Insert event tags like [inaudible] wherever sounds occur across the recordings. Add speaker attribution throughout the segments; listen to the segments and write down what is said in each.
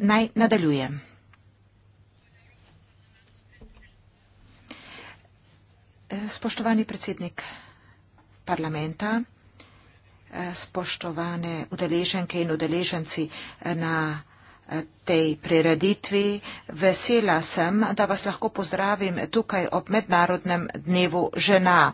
Speaker 1: naj nadaljujem. Spoštovani predsednik parlamenta, spoštovane udeleženke in udeleženci eh, na eh, tej prireditvi. Vesela sem, da vas lahko pozdravim tukaj ob Mednarodnem dnevu žena.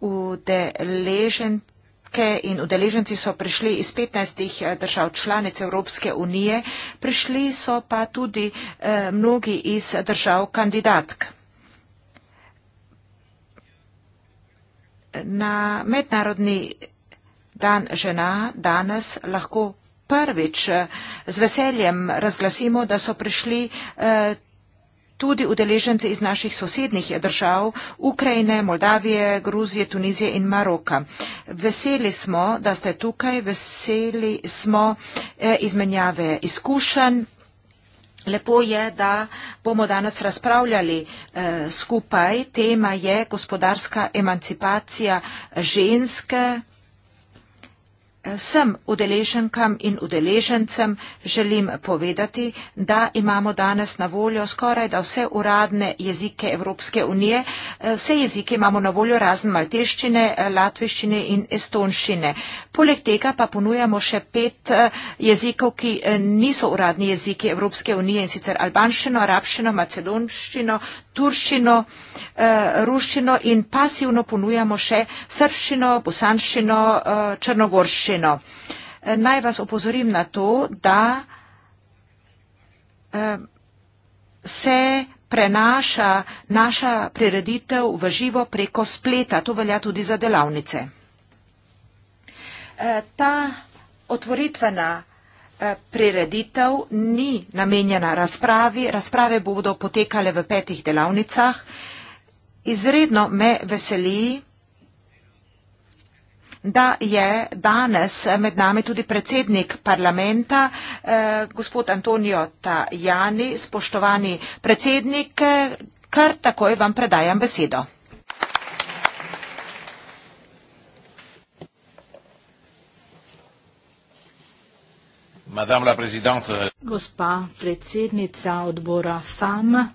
Speaker 1: Udeleženci kratke in udeleženci so prišli iz 15 eh, držav članic Evropske unije, prišli so pa tudi eh, mnogi iz držav kandidatk. Na mednarodni dan žena danes lahko prvič eh, z veseljem razglasimo, da so prišli tudi tudi udeleženci iz naših sosednjih držav Ukrajine, Moldavije, Gruzije, Tunizije in Maroka. Veseli smo, da ste tukaj, veseli smo eh, izmenjave izkušenj. Lepo je, da bomo danes razpravljali eh, skupaj. Tema je gospodarska emancipacija ženske Vsem udeleženkam in udeležencem želim povedati, da imamo danes na voljo skoraj da vse uradne jezike Evropske unije. Vse jezike imamo na voljo razen malteščine, latviščine in estonščine. Poleg tega pa ponujamo še pet eh, jezikov, ki eh, niso uradni jeziki Evropske unije in sicer albanščino, arabščino, macedonščino, turščino, eh, ruščino in pasivno ponujamo še srbščino, bosanščino, črnogorščino rečeno. Eh, naj vas opozorim na to, da eh, se prenaša naša prireditev v živo preko spleta. To velja tudi za delavnice. Eh, ta otvoritvena prireditev ni namenjena razpravi. Razprave bodo potekale v petih delavnicah. Izredno me veseli, da se prenaša naša prireditev v živo preko spleta da je danes med nami tudi predsednik parlamenta, eh, gospod Antonijo Tajani, spoštovani predsednik, eh, kar takoj vam predajam besedo.
Speaker 2: Gospa predsednica odbora FAM,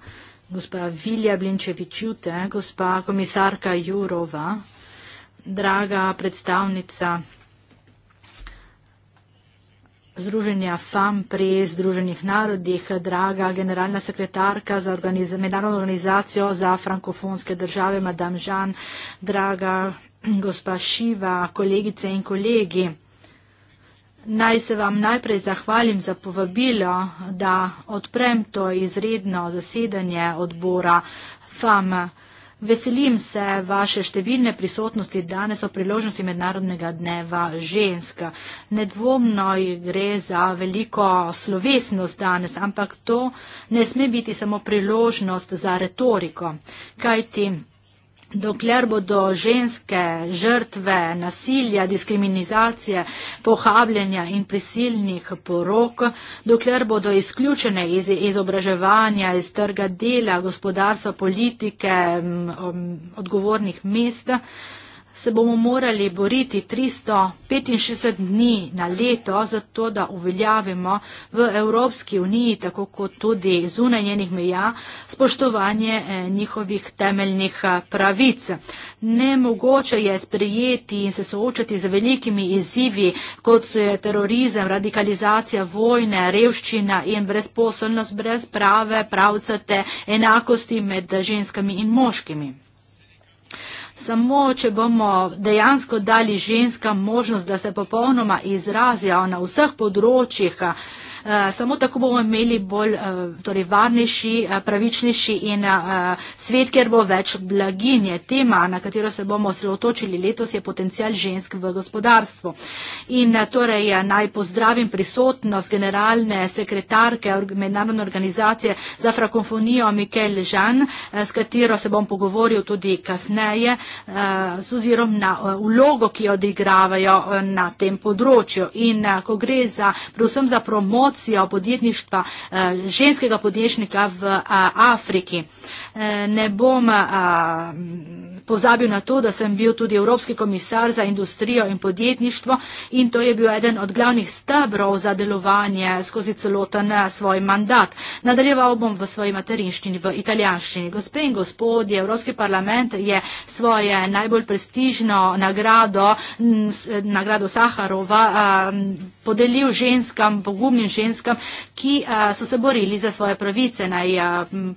Speaker 2: gospa Vilja Blinčevičute, gospa komisarka Jurova, draga predstavnica Združenja FAM pri Združenih narodih, draga generalna sekretarka za organiz Mednarodno organizacijo za frankofonske države, madame Žan, draga gospa Šiva, kolegice in kolegi. Naj se vam najprej zahvalim za povabilo, da odprem to izredno zasedanje odbora FAM. Veselim se vaše številne prisotnosti danes o priložnosti Mednarodnega dneva ženska. Nedvomno gre za veliko slovesnost danes, ampak to ne sme biti samo priložnost za retoriko. Kaj ti? Dokler bodo ženske žrtve nasilja, diskriminacije, pohabljanja in prisilnih porok, dokler bodo izključene iz izobraževanja, iz trga dela, gospodarstva, politike, odgovornih mesta, se bomo morali boriti 365 dni na leto za to, da uveljavimo v Evropski uniji, tako kot tudi zunaj njenih meja, spoštovanje eh, njihovih temeljnih eh, pravic. Nemogoče je sprejeti in se soočati z velikimi izzivi, kot so je terorizem, radikalizacija vojne, revščina in brezposobnost brez prave pravcate enakosti med ženskami in moškimi. Samo, če bomo dejansko dali ženskam možnost, da se popolnoma izrazijo na vseh področjih, Eh, samo tako bomo imeli bolj eh, torej varnejši, eh, pravičnejši in svet, ker bo več blaginje. Tema, na katero se bomo osredotočili letos, je potencijal žensk v gospodarstvu. In torej naj pozdravim prisotnost generalne sekretarke mednarodne organizacije za frakofonijo Mikel Žan, s katero se bom pogovoril tudi kasneje, z ozirom na vlogo, ki jo odigravajo na tem področju. In ko gre za, predvsem za promocijo, promocijo podjetništva eh, ženskega podjetnika v eh, Afriki. Eh, ne bom pozabil na to, da sem bil tudi Evropski komisar za industrijo in podjetništvo in to je bil eden od glavnih stebrov za delovanje skozi celoten svoj mandat. Nadaljeval bom v svoji materinščini, v italijanščini. Gospe in gospodje, Evropski parlament je svoje najbolj prestižno nagrado, nagrado Saharova, podelil ženskam, pogumnim ženskam, ženskam, ki a, so se borili za svoje pravice. Naj a,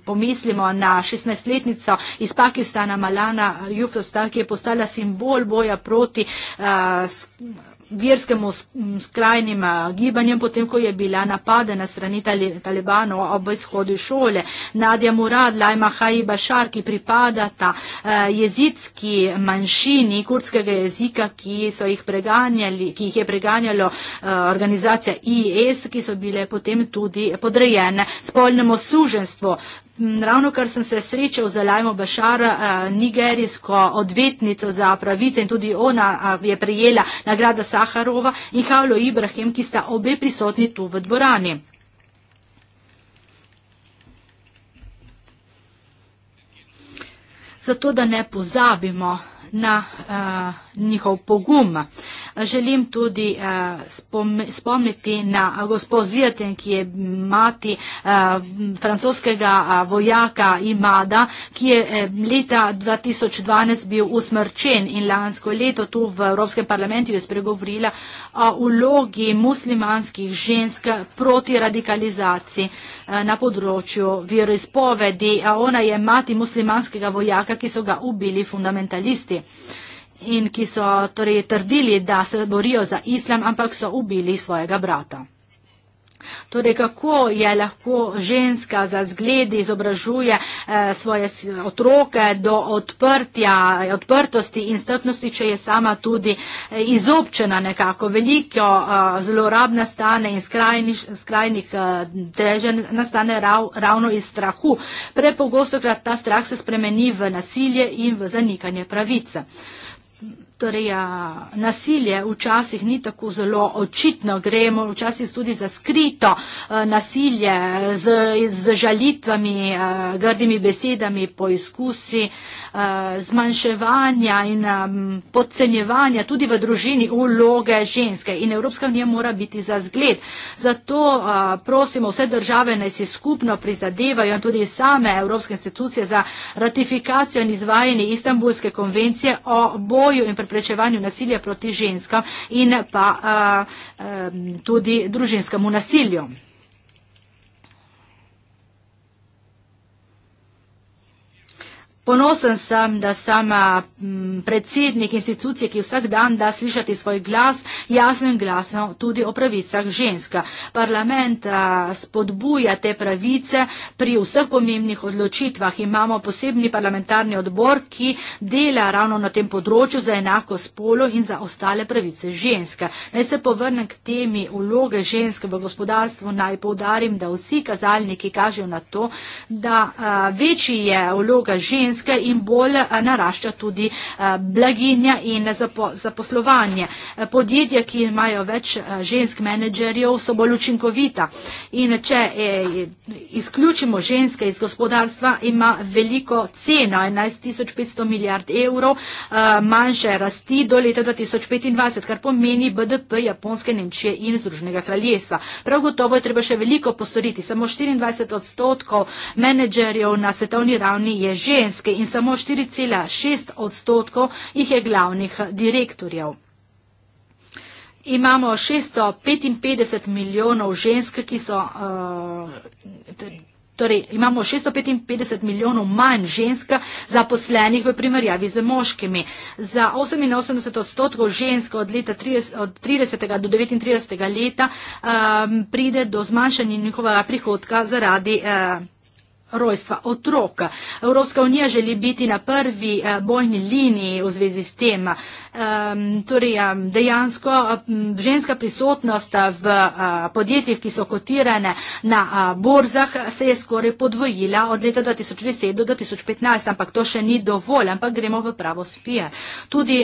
Speaker 2: pomislimo na 16-letnico iz Pakistana, Malana Jufostan, ki je postala simbol boja proti. A, verskemu skrajnim gibanjem, potem ko je bila napadena strani talibanov ob izhodu šole. Nadja Murad, Lajma Haiba Šar, ki pripadata jezitski manjšini kurdskega jezika, ki, jih, ki jih je preganjalo organizacija IS, e ki so bile potem tudi podrejene spolnemu suženstvu. Hm, ravno kar sem se srečal z Lajmo Bašar, eh, nigerijsko odvetnico za pravice in tudi ona eh, je prijela nagrada Saharova in Havlo Ibrahim, ki sta obe prisotni tu v dvorani. Zato, da ne pozabimo na uh, njihov pogum. Želim tudi uh, eh, spom spomniti na gospod Zijaten, ki je mati uh, francoskega uh, vojaka Imada, ki je uh, leta 2012 bil usmrčen in lansko leto tu v Evropskem parlamentu je spregovorila o uh, ulogi muslimanskih žensk proti radikalizaciji uh, na področju veroizpovedi. Uh, ona je mati muslimanskega vojaka, ki so ga ubili fundamentalisti in ki so torej trdili, da se borijo za islam, ampak so ubili svojega brata. Torej, kako je lahko ženska za zgledi izobražuje eh, svoje otroke do odprtja, odprtosti in strpnosti, če je sama tudi eh, izobčena nekako. Veliko eh, zlorab nastane in skrajni, skrajnih eh, težen nastane rav, ravno iz strahu. Prepogosto krat ta strah se spremeni v nasilje in v zanikanje pravice torej, a, ja, nasilje včasih ni tako zelo očitno, gremo včasih tudi za skrito a, eh, nasilje z, z žalitvami, a, eh, grdimi besedami, poizkusi a, eh, zmanjševanja in a, podcenjevanja tudi v družini uloge ženske. In Evropska unija mora biti za zgled. Zato a, prosimo vse države, naj si skupno prizadevajo in tudi same evropske institucije za ratifikacijo in izvajanje Istanbulske konvencije o boju in preprečevanju nasilja proti ženskam in pa eh, eh, tudi družinskemu nasilju. Ponosen sem, da sem predsednik institucije, ki vsak dan da slišati svoj glas, jasen glas no, tudi o pravicah ženska. Parlament spodbuja te pravice pri vseh pomembnih odločitvah. Imamo posebni parlamentarni odbor, ki dela ravno na tem področju za enako spolo in za ostale pravice ženska. Naj se povrnem k temi uloge ženske v gospodarstvu. Naj povdarim, da vsi kazalniki kažejo na to, da večji je uloga ženske ženske in bolj eh, narašča tudi eh, blaginja in zaposlovanje. Eh, podjetja, ki imajo več žensk menedžerjev, so bolj učinkovita in če izključimo ženske iz gospodarstva, ima veliko ceno, 11.500 milijard evrov, manjše rasti do leta 2025, kar pomeni BDP Japonske, Nemčije in Združnega kraljestva. Prav gotovo je treba še veliko postoriti, samo 24 odstotkov menedžerjev na svetovni ravni je žensk. Hrvatske in samo 4,6 odstotkov jih je glavnih direktorjev. Imamo 655 milijonov žensk, ki so. Uh, Torej, imamo 655 milijonov manj žensk zaposlenih v primerjavi z moškimi. Za 88 odstotkov žensk od, 30, od 30. do 39. leta um, pride do zmanjšanja njihovega prihodka zaradi. Uh, rojstva otrok. Evropska unija želi biti na prvi eh, bojni liniji v zvezi s tem. Torej, dejansko ženska prisotnost eh, v eh, podjetjih, ki so kotirane na borzah, se je skoraj podvojila od leta 2010 do 2015, ampak to še ni dovolj, ampak gremo v pravo spije. Tudi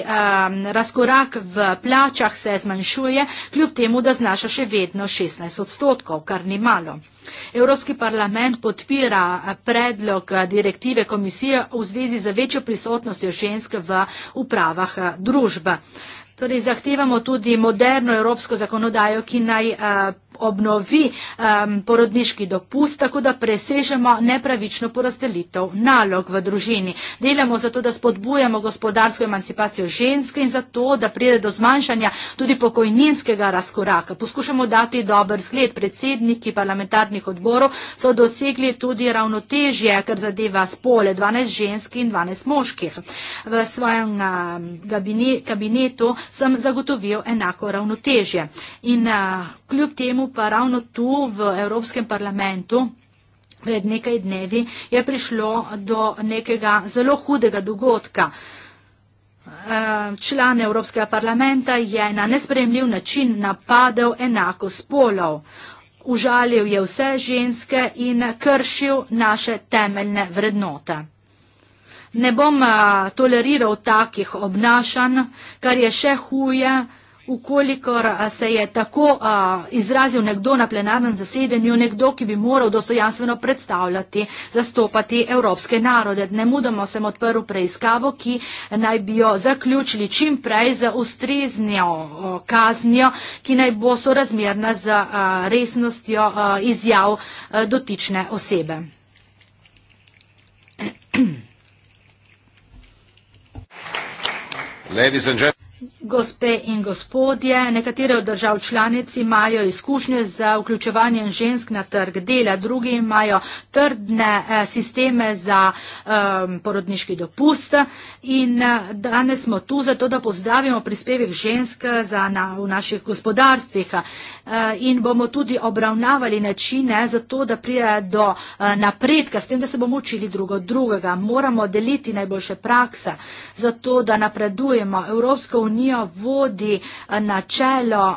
Speaker 2: razkorak v plačah se zmanjšuje, kljub temu, da znaša še vedno 16 odstotkov, kar ni malo. Evropski parlament podpira predlog direktive komisije v zvezi z večjo prisotnostjo žensk v upravah eh, družbe. Torej, zahtevamo tudi moderno evropsko zakonodajo, ki naj a, eh, obnovi um, porodniški dopust, tako da presežemo nepravično porazdelitev nalog v družini. Delamo zato, da spodbujamo gospodarsko emancipacijo ženske in zato, da pride do zmanjšanja tudi pokojninskega razkoraka. Poskušamo dati dober zgled. Predsedniki parlamentarnih odborov so dosegli tudi ravnotežje, kar zadeva spole 12 žensk in 12 moških. V svojem um, gabine, kabinetu sem zagotovil enako ravnotežje. In, uh, Kljub temu pa ravno tu v Evropskem parlamentu pred nekaj dnevi je prišlo do nekega zelo hudega dogodka. Eh, član Evropskega parlamenta je na nespremljiv način napadel enako spolov. Užalil je vse ženske in kršil naše temeljne vrednote. Ne bom eh, toleriral takih obnašanj, kar je še huje, ukolikor se je tako a, izrazil nekdo na plenarnem zasedanju, nekdo, ki bi moral dostojanstveno predstavljati, zastopati evropske narode. Ne mudamo sem odprl preiskavo, ki naj bi jo zaključili čim prej za ustreznjo kaznjo, ki naj bo sorazmerna z a, resnostjo a, izjav a, dotične osebe.
Speaker 3: Ladies and gentlemen.
Speaker 2: Gospe in gospodje, nekatere od držav članic imajo izkušnje za vključevanje žensk na trg dela, drugi imajo trdne eh, sisteme za um, porodniški dopust in eh, danes smo tu zato, da pozdravimo prispevek žensk eh, za, na, v naših gospodarstvih. Eh, in bomo tudi obravnavali načine za to, da prije do eh, napredka, s tem, da se bomo učili drugo drugega. Moramo deliti najboljše prakse za to, da napredujemo. Evropska unija vodi eh, načelo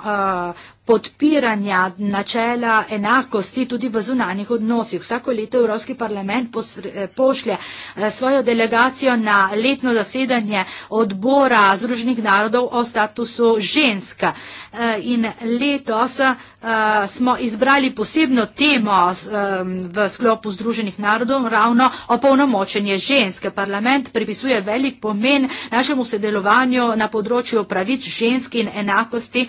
Speaker 2: odpiranja načela enakosti tudi v zunanjih odnosih. Vsako leto Evropski parlament eh, pošlje eh, svojo delegacijo na letno zasedanje odbora Združenih narodov o statusu ženska. Eh, in letos smo izbrali posebno temo ehm, v sklopu Združenih narodov ravno o polnomočenje ženske. Parlament pripisuje velik pomen našemu sodelovanju na področju pravic žensk in enakosti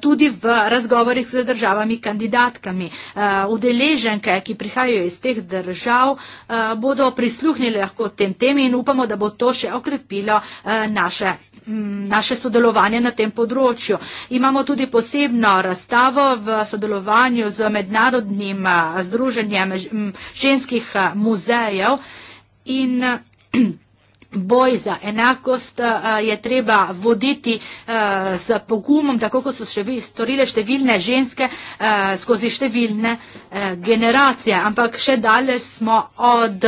Speaker 2: tudi v razgovorih z državami kandidatkami. Eh, udeleženke, ki prihajajo iz teh držav, eh, bodo prisluhnili lahko tem temi in upamo, da bo to še okrepilo eh, naše naše sodelovanje na tem področju. Imamo tudi posebno razstavo v sodelovanju z mednarodnim združenjem ženskih muzejev in [clears throat] boj za enakost eh, je treba voditi z eh, pogumom, tako kot so storile številne ženske eh, skozi številne generacije. Ampak še daleč smo od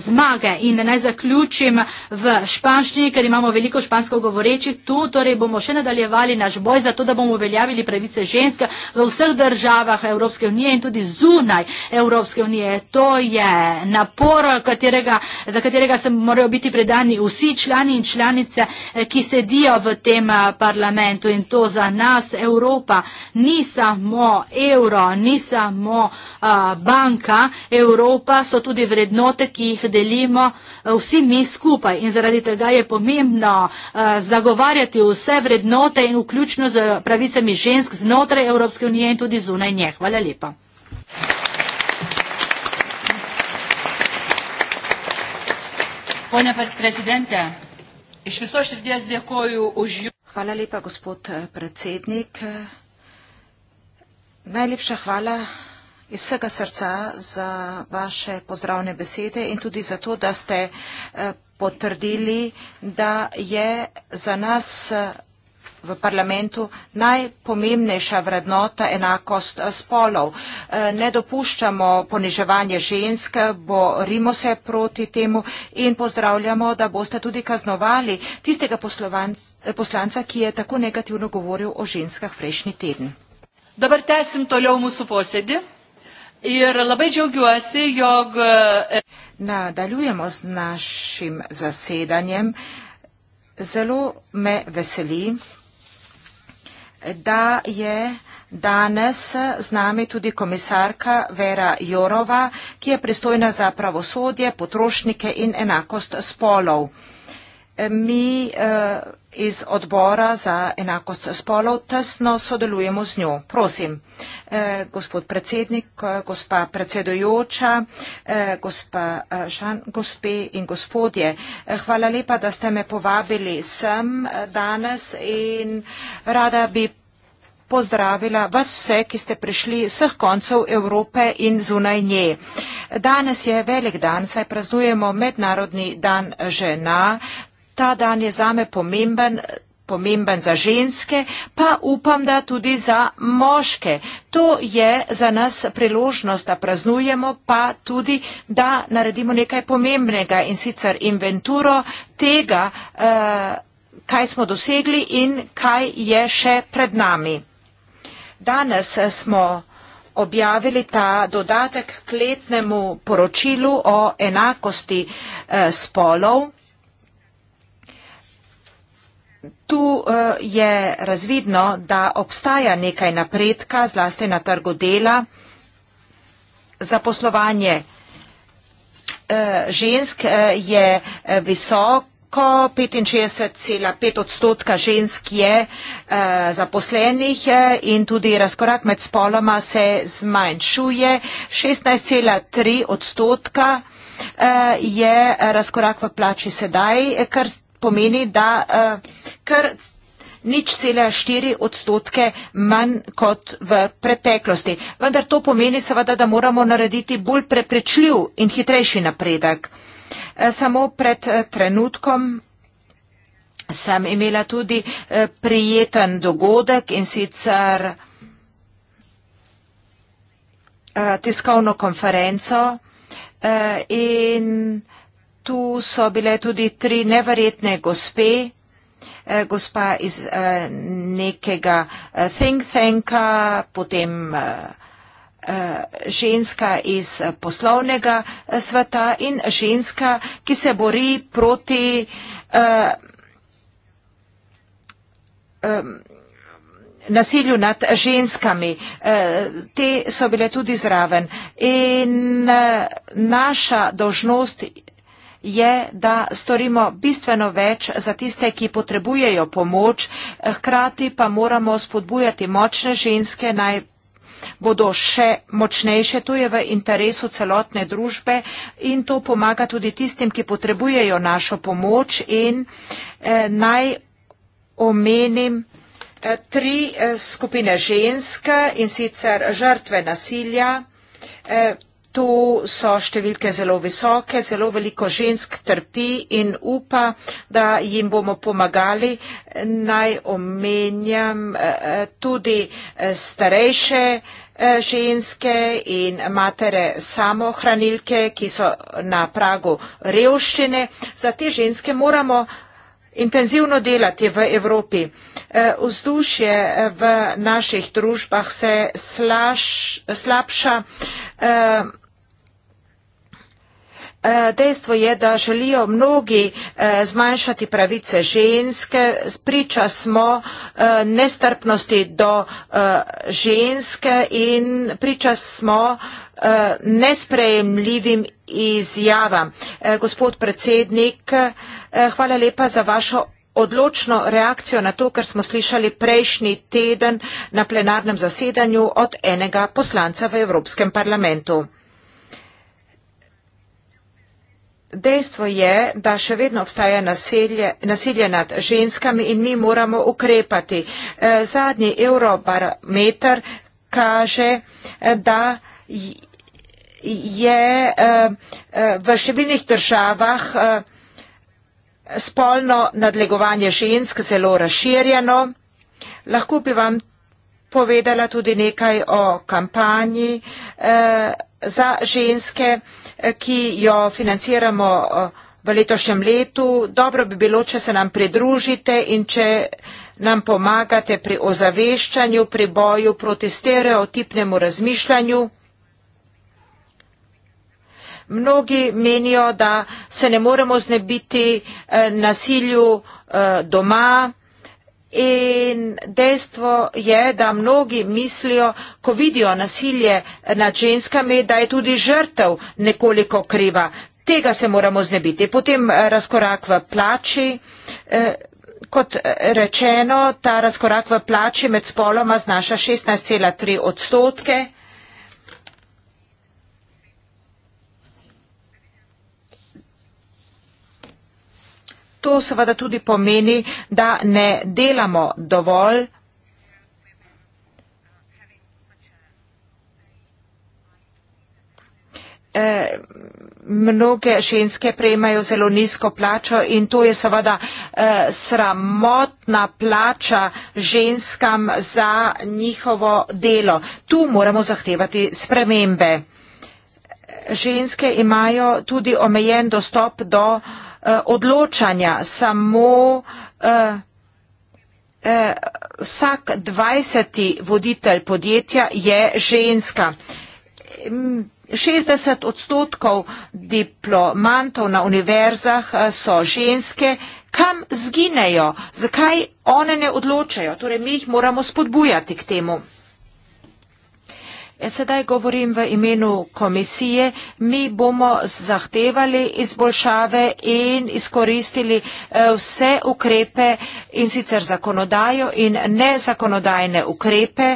Speaker 2: zmage in naj zaključim v španščini, ker imamo veliko špansko govorečih tu, torej bomo še nadaljevali naš boj za to, da bomo uveljavili pravice ženske v vseh državah Evropske unije in tudi zunaj Evropske unije. To je napor, katerega, za katerega se morajo biti predani vsi člani in članice, eh, ki sedijo v tem eh, parlamentu in to za nas Evropa ni samo evro, ni samo eh, banka, Evropa so tudi vrednote, ki jih delimo vsi mi skupaj in zaradi tega je pomembno zagovarjati vse vrednote in vključno z pravicami žensk znotraj Evropske unije in tudi zunaj nje. Hvala lepa. Pone prezidente,
Speaker 1: iš viso širdies dėkoju už jų. Hvala lepa, gospod eh, predsednik. Najlepša hvala iz vsega srca za vaše pozdravne besede in tudi za to, da ste eh, potrdili, da je za nas eh, v parlamentu najpomembnejša vrednota enakost spolov. E, ne dopuščamo poniževanje žensk, borimo se proti temu in pozdravljamo, da boste tudi kaznovali tistega poslanca, ki je tako negativno govoril o ženskah prejšnji teden. Dobar tesim toljo v musu posedi. Ir labai džiaugiuosi, jog. E, Nadaljujemo s našim zasedanjem. Zelo me veseli, da je danes z nami tudi komisarka Vera Jorova, ki je pristojna za pravosodje, potrošnike in enakost spolov mi eh, iz odbora za enakost spolov tesno sodelujemo z njo. Prosim, eh, gospod predsednik, eh, gospa predsedujoča, gospa Žan, gospe in gospodje, hvala lepa, da ste me povabili sem danes in rada bi pozdravila vas vse, ki ste prišli z vseh koncev Evrope in zunaj nje. Danes je velik dan, saj praznujemo Mednarodni dan žena, ta dan je zame pomemben, pomemben za ženske, pa upam, da tudi za moške. To je za nas priložnost, da praznujemo, pa tudi, da naredimo nekaj pomembnega in sicer inventuro tega, eh, kaj smo dosegli in kaj je še pred nami. Danes eh, smo objavili ta dodatek k letnemu poročilu o enakosti eh, spolov. tu eh, je razvidno, da obstaja nekaj napredka, zlasti na trgu dela, zaposlovanje eh, žensk eh, je visok. Ko 65,5 odstotka žensk je eh, zaposlenih in tudi razkorak med spoloma se zmanjšuje, 16,3 odstotka eh, je razkorak v plači sedaj, kar pomeni, da uh, kar nič cela štiri odstotke manj kot v preteklosti. Vendar to pomeni seveda, da moramo narediti bolj preprečljiv in hitrejši napredek. Eh, samo pred eh, trenutkom sem imela tudi prijeten dogodek in sicer tiskovno konferenco in Tu so bile tudi tri neverjetne gospe, eh, gospa iz eh, nekega eh, think tanka, potem ženska iz poslovnega sveta in ženska, ki se bori proti nasilju nad ženskami. Te so bile tudi zraven. In naša dožnost je, da storimo bistveno več za tiste, ki potrebujejo pomoč, hkrati pa moramo spodbujati močne ženske naj bodo še močnejše, to je v interesu celotne družbe in to pomaga tudi tistim, ki potrebujejo našo pomoč in eh, naj omenim eh, tri eh, skupine žensk in sicer žrtve nasilja, eh, Tu so številke zelo visoke, zelo veliko žensk trpi in upa, da jim bomo pomagali. Naj omenjam eh, eh, tudi eh, starejše ženske in matere samohranilke, ki so na pragu revščine. Za te ženske moramo intenzivno delati v Evropi. Eh, vzdušje eh, v naših družbah se slabša. Eh, dejstvo je, da želijo mnogi zmanjšati pravice ženske. Priča smo nestrpnosti do ženske in priča smo Eh, nesprejemljivim izjavam. Eh, gospod predsednik, eh, hvala lepa za vašo odločno reakcijo na to, kar smo slišali prejšnji teden na plenarnem zasedanju od enega poslanca v Evropskem parlamentu. Dejstvo je, da še vedno obstaja nasilje, nasilje nad ženskami in mi moramo ukrepati. Zadnji eurobarometer kaže, da je eh, eh, v številnih državah eh, spolno nadlegovanje žensk zelo razširjeno. Lahko bi vam povedala tudi nekaj o kampanji za ženske, ki jo financiramo v letošnjem letu. Dobro bi bilo, če se nam pridružite in če nam pomagate pri ozaveščanju, pri boju proti stereotipnemu razmišljanju mnogi menijo, da se ne moremo znebiti eh, nasilju eh, doma. In dejstvo je, da mnogi mislijo, ko vidijo nasilje nad ženskami, da je tudi žrtev nekoliko kriva. Tega se moramo znebiti. Potem eh, razkorak v plači. Kot rečeno, ta razkorak v plači med spoloma znaša 16,3 odstotke. To seveda tudi pomeni, da ne delamo dovolj. E, mnoge ženske prejmajo zelo nizko plačo in to je seveda e, sramotna plača ženskam za njihovo delo. Tu moramo zahtevati spremembe. Ženske imajo tudi omejen dostop do e, Eh, odločanja samo eh, eh, vsak dvajseti voditelj podjetja je ženska. 60 mm, odstotkov diplomantov na univerzah so ženske, kam zginejo, zakaj one ne odločajo, torej mi jih moramo spodbujati k temu. E, sedaj govorim v imenu komisije. Mi bomo zahtevali izboljšave in izkoristili e, vse ukrepe in sicer zakonodajo in nezakonodajne ukrepe.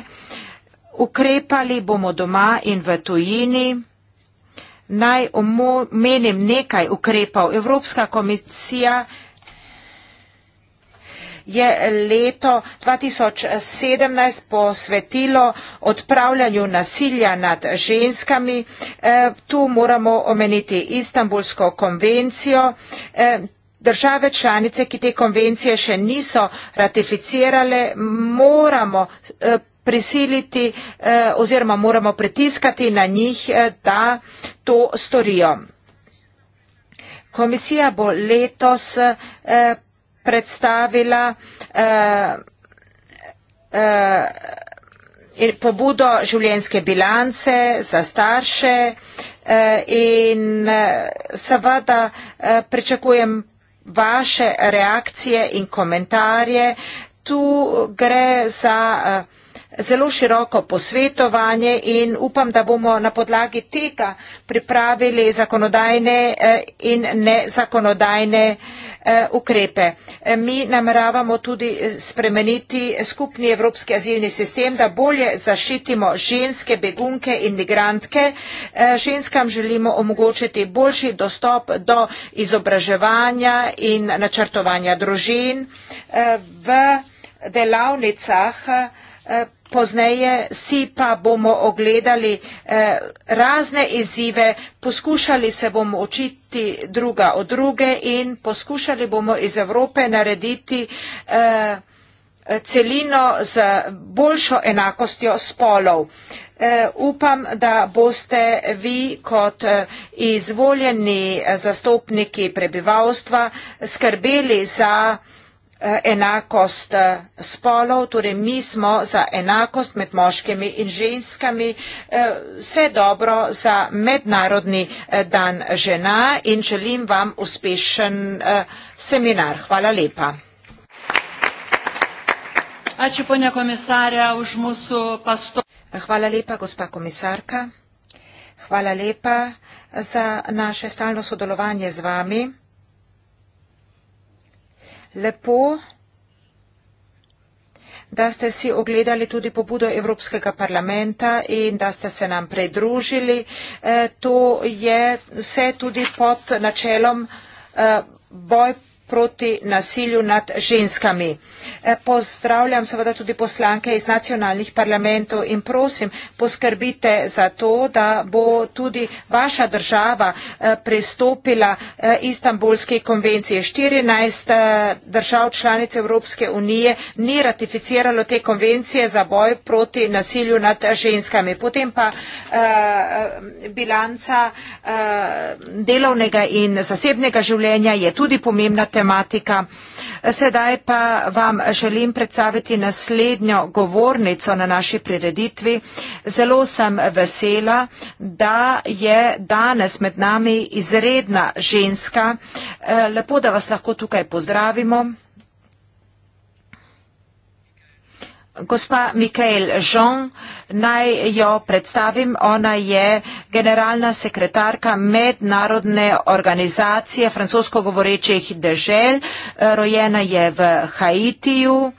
Speaker 1: Ukrepali bomo doma in v tujini. Naj omenim nekaj ukrepov. Evropska komisija je leto 2017 posvetilo odpravljanju nasilja nad ženskami. Eh, tu moramo omeniti Istanbulsko konvencijo. Eh, države članice, ki te konvencije še niso ratificirale, moramo eh, prisiliti oziroma moramo pritiskati na njih, da to storijo. Komisija bo letos predstavila uh, uh, pobudo življenjske bilance za starše uh, in uh, seveda uh, pričakujem vaše reakcije in komentarje. Tu gre za uh, zelo široko posvetovanje in upam, da bomo na podlagi tega pripravili zakonodajne eh, in nezakonodajne eh, ukrepe. Eh, mi nameravamo tudi spremeniti skupni evropski azilni sistem, da bolje zaščitimo ženske, begunke in migrantke. Ženskam želimo omogočiti boljši dostop do izobraževanja in načrtovanja družin. V delavnicah Eh, pozneje si pa bomo ogledali eh, razne izzive, poskušali se bomo učiti druga od druge in poskušali bomo iz Evrope narediti eh, celino z boljšo enakostjo spolov. Upam, da boste vi kot izvoljeni zastopniki prebivalstva skrbeli za Eh, enakost eh, spolov, torej mi smo za enakost med moškimi in ženskami, eh, vse dobro za mednarodni dan žena in želim vam uspešen seminar. Hvala lepa. Hvala lepa, gospa komisarka. Hvala lepa za naše stalno sodelovanje z vami lepo, da ste si ogledali tudi pobudo Evropskega parlamenta in da ste se nam pridružili. Eh, to je vse tudi pod načelom eh, boj proti proti nasilju nad ženskami. E, pozdravljam seveda tudi poslanke iz nacionalnih parlamentov in prosim, poskrbite za to, da bo tudi vaša država e, pristopila e, Istanbulski konvenciji. 14 držav članic Evropske unije ni ratificiralo te konvencije za boj proti nasilju nad ženskami. Potem pa bilanca delovnega in zasebnega življenja je tudi pomembna tematika. Sedaj pa vam želim predstaviti naslednjo govornico na naši prireditvi. Zelo sem vesela, da je danes med nami izredna ženska. Eh, lepo, da vas lahko tukaj pozdravimo. Gospa Mikael Žon, naj jo predstavim. Ona je generalna sekretarka mednarodne organizacije francosko govorečih dežel. Rojena je v Haitiju.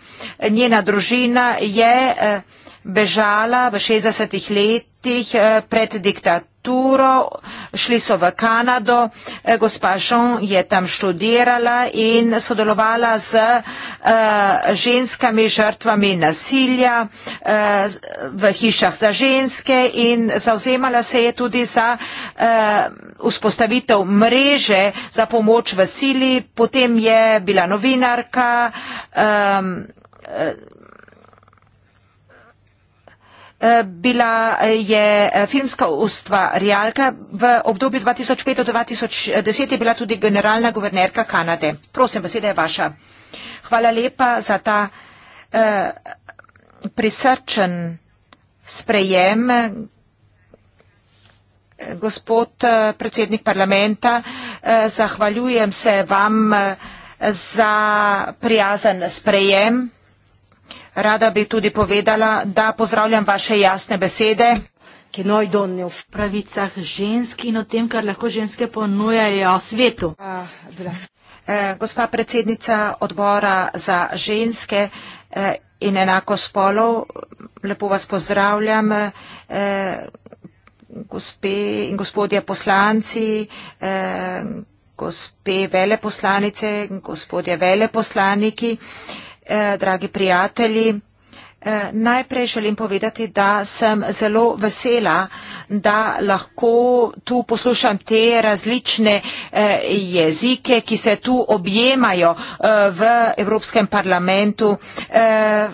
Speaker 1: Njena družina je eh, bežala v 60-ih letih eh, pred diktaturo maturo, šli so v Kanado, eh, gospa Šon je tam študirala in sodelovala z eh, ženskami žrtvami nasilja eh, v hišah za ženske in zauzemala se je tudi za vzpostavitev mreže za pomoč v sili, potem je bila novinarka, Eh, bila eh, je eh, filmska ustva Rijalka. V obdobju 2005 do 2010 je bila tudi generalna guvernerka Kanade. Prosim, beseda je vaša. Hvala lepa za ta eh, prisrčen sprejem. Gospod predsednik parlamenta, eh, zahvaljujem se vam za prijazen sprejem. Rada bi tudi povedala, da
Speaker 2: pozdravljam vaše jasne besede. V pravicah žensk in o tem, kar lahko ženske ponujajo svetu. Eh, gospa predsednica
Speaker 1: odbora za ženske eh, in enako spolov, lepo vas pozdravljam, eh, gospe in gospodje poslanci, gospe veleposlanice, gospodje veleposlaniki. Eh, dragi prijatelji. Eh, najprej želim povedati, da sem zelo vesela, da lahko tu poslušam te različne eh, jezike, ki se tu objemajo v Evropskem parlamentu.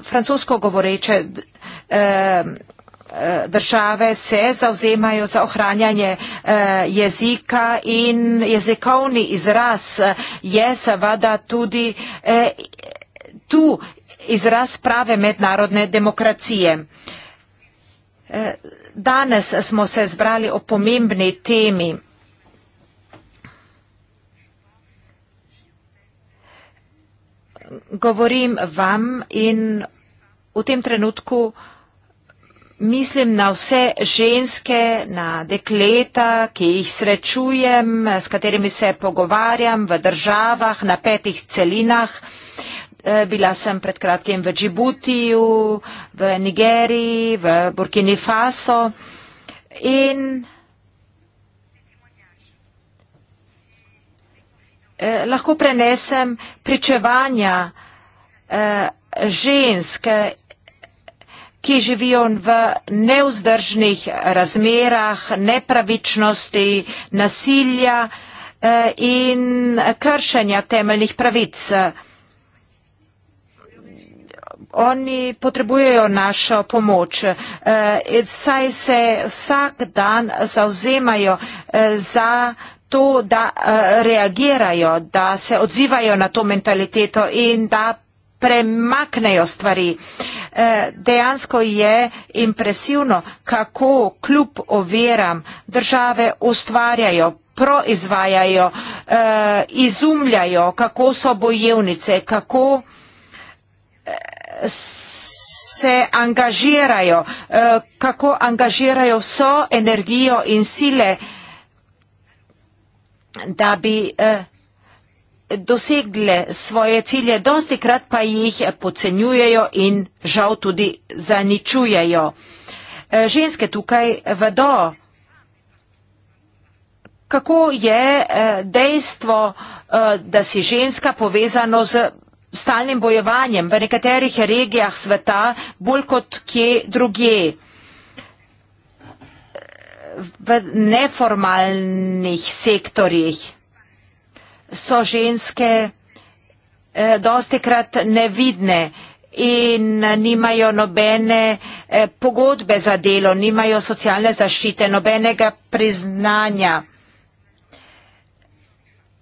Speaker 1: Francosko govoreče države se zauzemajo za ohranjanje jezika in jezikovni izraz je seveda tudi tu izraz prave mednarodne demokracije. Eh, danes smo se zbrali o pomembni temi. Govorim vam in v tem trenutku mislim na vse ženske, na dekleta, ki jih srečujem, s katerimi se pogovarjam v državah, na petih celinah. Uh, Eh, bila sem pred kratkim v Džibutiju, v Nigeriji, v Burkini Faso in eh, lahko prenesem pričevanja eh, žensk, ki živijo v neuzdržnih razmerah, nepravičnosti, nasilja in kršenja temeljnih pravic oni potrebujejo našo pomoč, eh, saj se vsak dan zauzemajo eh, za to, da eh, reagirajo, da se odzivajo na to mentaliteto in da premaknejo stvari. Dejansko je impresivno, kako kljub oviram države ustvarjajo proizvajajo, izumljajo, kako so bojevnice, kako se angažirajo, eh, kako angažirajo vso energijo in sile, da bi eh, dosegle svoje cilje. Dosti krat pa jih pocenjujejo in žal tudi zaničujejo. Eh, ženske tukaj vedo, kako je dejstvo, da si ženska povezano z stalnim bojevanjem v nekaterih regijah sveta bolj kot kje druge. V neformalnih sektorjih so ženske eh, dosti krat nevidne in nimajo nobene eh, pogodbe za delo, nimajo socialne zaščite, nobenega priznanja.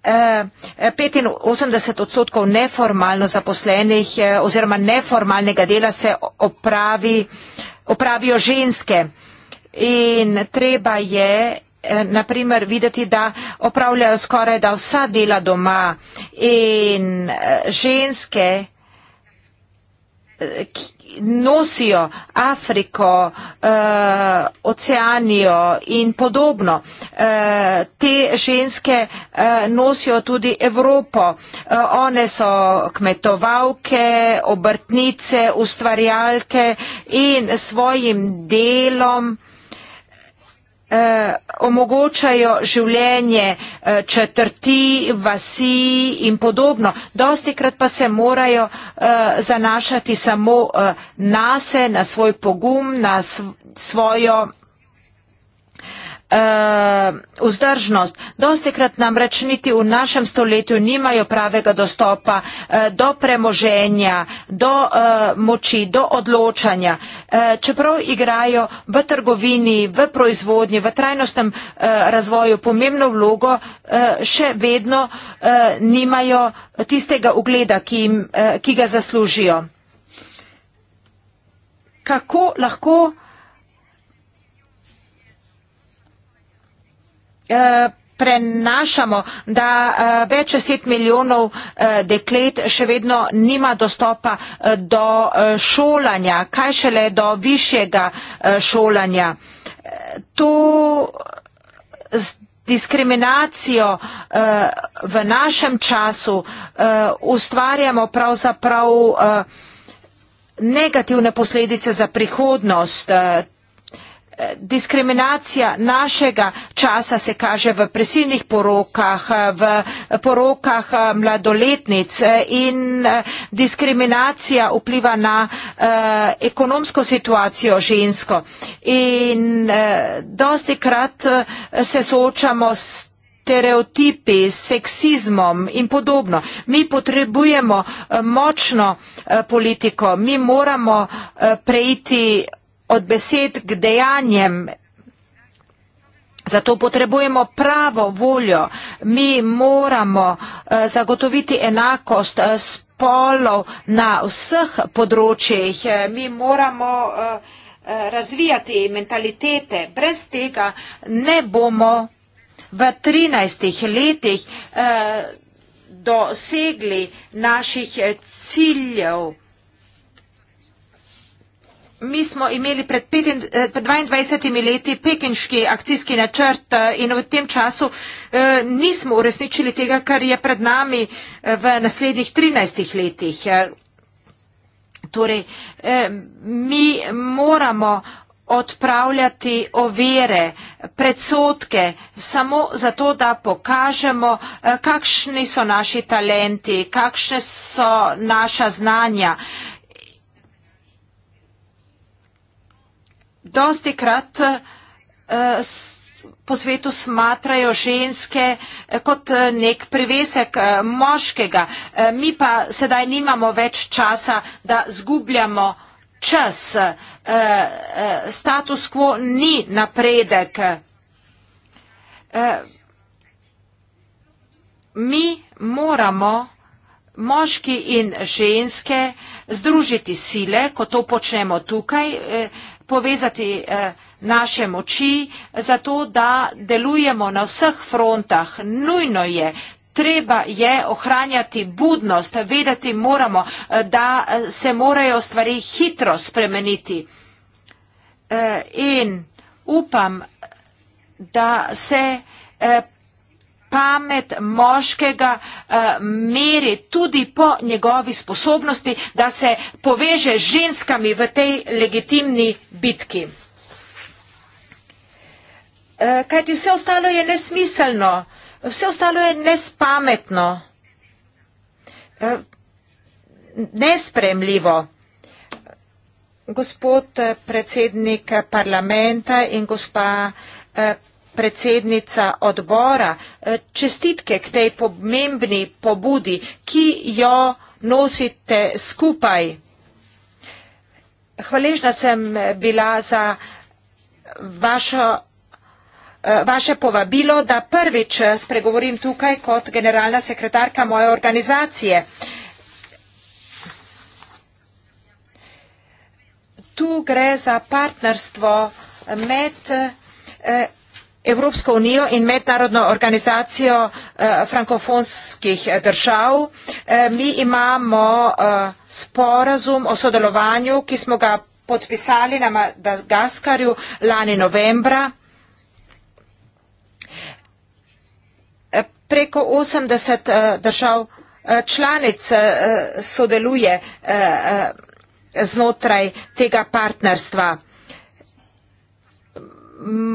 Speaker 1: 85 eh, 80 eh, odstotkov neformalno zaposlenih eh, oziroma neformalnega dela se opravi, opravijo ženske. In treba je naprimer videti, da opravljajo skoraj da vsa dela doma in ženske nosijo Afriko, eh, Oceanijo in podobno. Eh, te ženske eh, nosijo tudi Evropo. Eh, one so kmetovalke, obrtnice, ustvarjalke in svojim delom eh, eh, omogočajo življenje eh, četrti, vasi in podobno. Dosti krat pa se morajo eh, zanašati samo eh, nase, na svoj pogum, na svojo Eh, vzdržnost. Dostikrat nam reč niti v našem stoletju nimajo pravega dostopa eh, do premoženja, do eh, moči, do odločanja. Čeprav igrajo v trgovini, v proizvodnji, v trajnostnem razvoju pomembno vlogo, še vedno nimajo tistega ugleda, ki, jim, ki ga zaslužijo. Kako lahko Eh, prenašamo, da eh, več deset milijonov eh, deklet še vedno nima dostopa do šolanja, kaj šele do višjega šolanja. To z diskriminacijo v našem času ustvarjamo pravzaprav negativne posledice za prihodnost diskriminacija našega časa se kaže v prisilnih porokah, v porokah eh, mladoletnic eh, in eh, diskriminacija vpliva na eh, ekonomsko situacijo žensko. In eh, dosti krat se soočamo s stereotipi, s seksizmom in podobno. Mi potrebujemo močno politiko, mi moramo preiti od besed k dejanjem. Zato potrebujemo pravo voljo. Mi moramo eh, zagotoviti enakost eh, spolov na vseh področjih. Eh, mi moramo razvijati mentalitete. Brez tega ne bomo v 13 letih dosegli naših ciljev. Mi smo imeli pred, peti, eh, pred 22 leti pekinški akcijski načrt eh, in v tem času eh, nismo uresničili tega, kar je pred nami v naslednjih 13 letih. Torej, mi moramo odpravljati ovire, predsotke, samo zato, da pokažemo, kakšni so naši talenti, kakšne so naša znanja dosti krat eh, po svetu smatrajo ženske eh, kot eh, nek privesek moškega. Mi pa sedaj nimamo več časa, da zgubljamo čas. Status quo ni napredek. Mi moramo moški in ženske združiti sile, ko to počnemo tukaj, povezati eh, naše moči, zato da delujemo na vseh frontah. Nujno je, treba je ohranjati budnost, vedeti moramo, eh, da eh, se morajo stvari hitro spremeniti. In upam, da se pamet moškega eh, meri tudi po njegovi sposobnosti, da se poveže z ženskami v tej legitimni bitki. Eh, kajti vse ostalo je nesmiselno, vse ostalo je nespametno, eh, nespremljivo. Gospod predsednik parlamenta in gospa predsednica odbora. Eh, čestitke k tej pomembni pobudi, ki jo nosite skupaj. Hvaležna sem bila za vašo, eh, vaše povabilo, da prvič spregovorim tukaj kot generalna sekretarka moje organizacije. Tu gre za partnerstvo med eh, Evropsko unijo in mednarodno organizacijo eh, frankofonskih eh, držav. Eh, mi imamo eh, sporazum o sodelovanju, ki smo ga podpisali na Madagaskarju lani novembra. Eh, preko 80 eh, držav eh, članic eh, sodeluje eh, eh znotraj tega partnerstva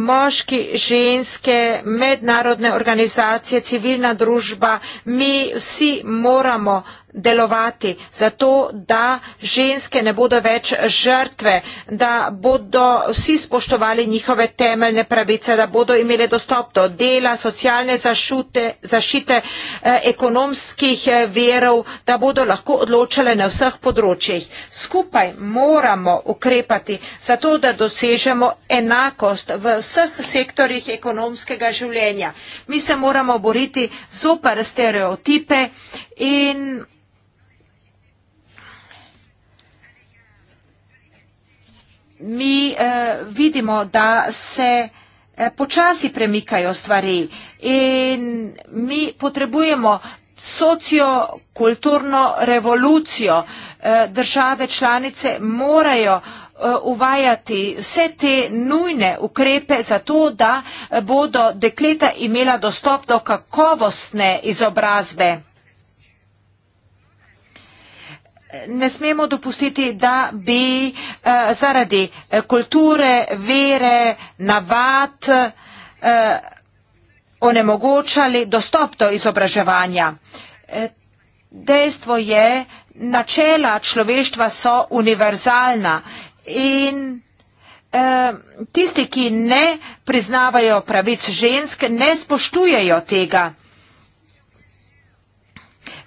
Speaker 1: moški, ženske, mednarodne organizacije, civilna družba, mi vsi moramo delovati, zato da ženske ne bodo več žrtve, da bodo vsi spoštovali njihove temeljne pravice, da bodo imeli dostop do dela, socialne zašute, zašite, eh, ekonomskih eh, verov, da bodo lahko odločale na vseh področjih. Skupaj moramo ukrepati, zato da dosežemo enakost v vseh sektorjih ekonomskega življenja. Mi se moramo boriti zoper stereotipe in mi eh, vidimo, da se eh, počasi premikajo stvari in mi potrebujemo sociokulturno revolucijo. Eh, države članice morajo eh, uvajati vse te nujne ukrepe za to, da eh, bodo dekleta imela dostop do kakovostne izobrazbe ne smemo dopustiti, da bi eh, zaradi eh, kulture, vere, navad eh, onemogočali dostop do izobraževanja. Eh, dejstvo je, načela človeštva so univerzalna in eh, tisti, ki ne priznavajo pravic žensk, ne spoštujejo tega.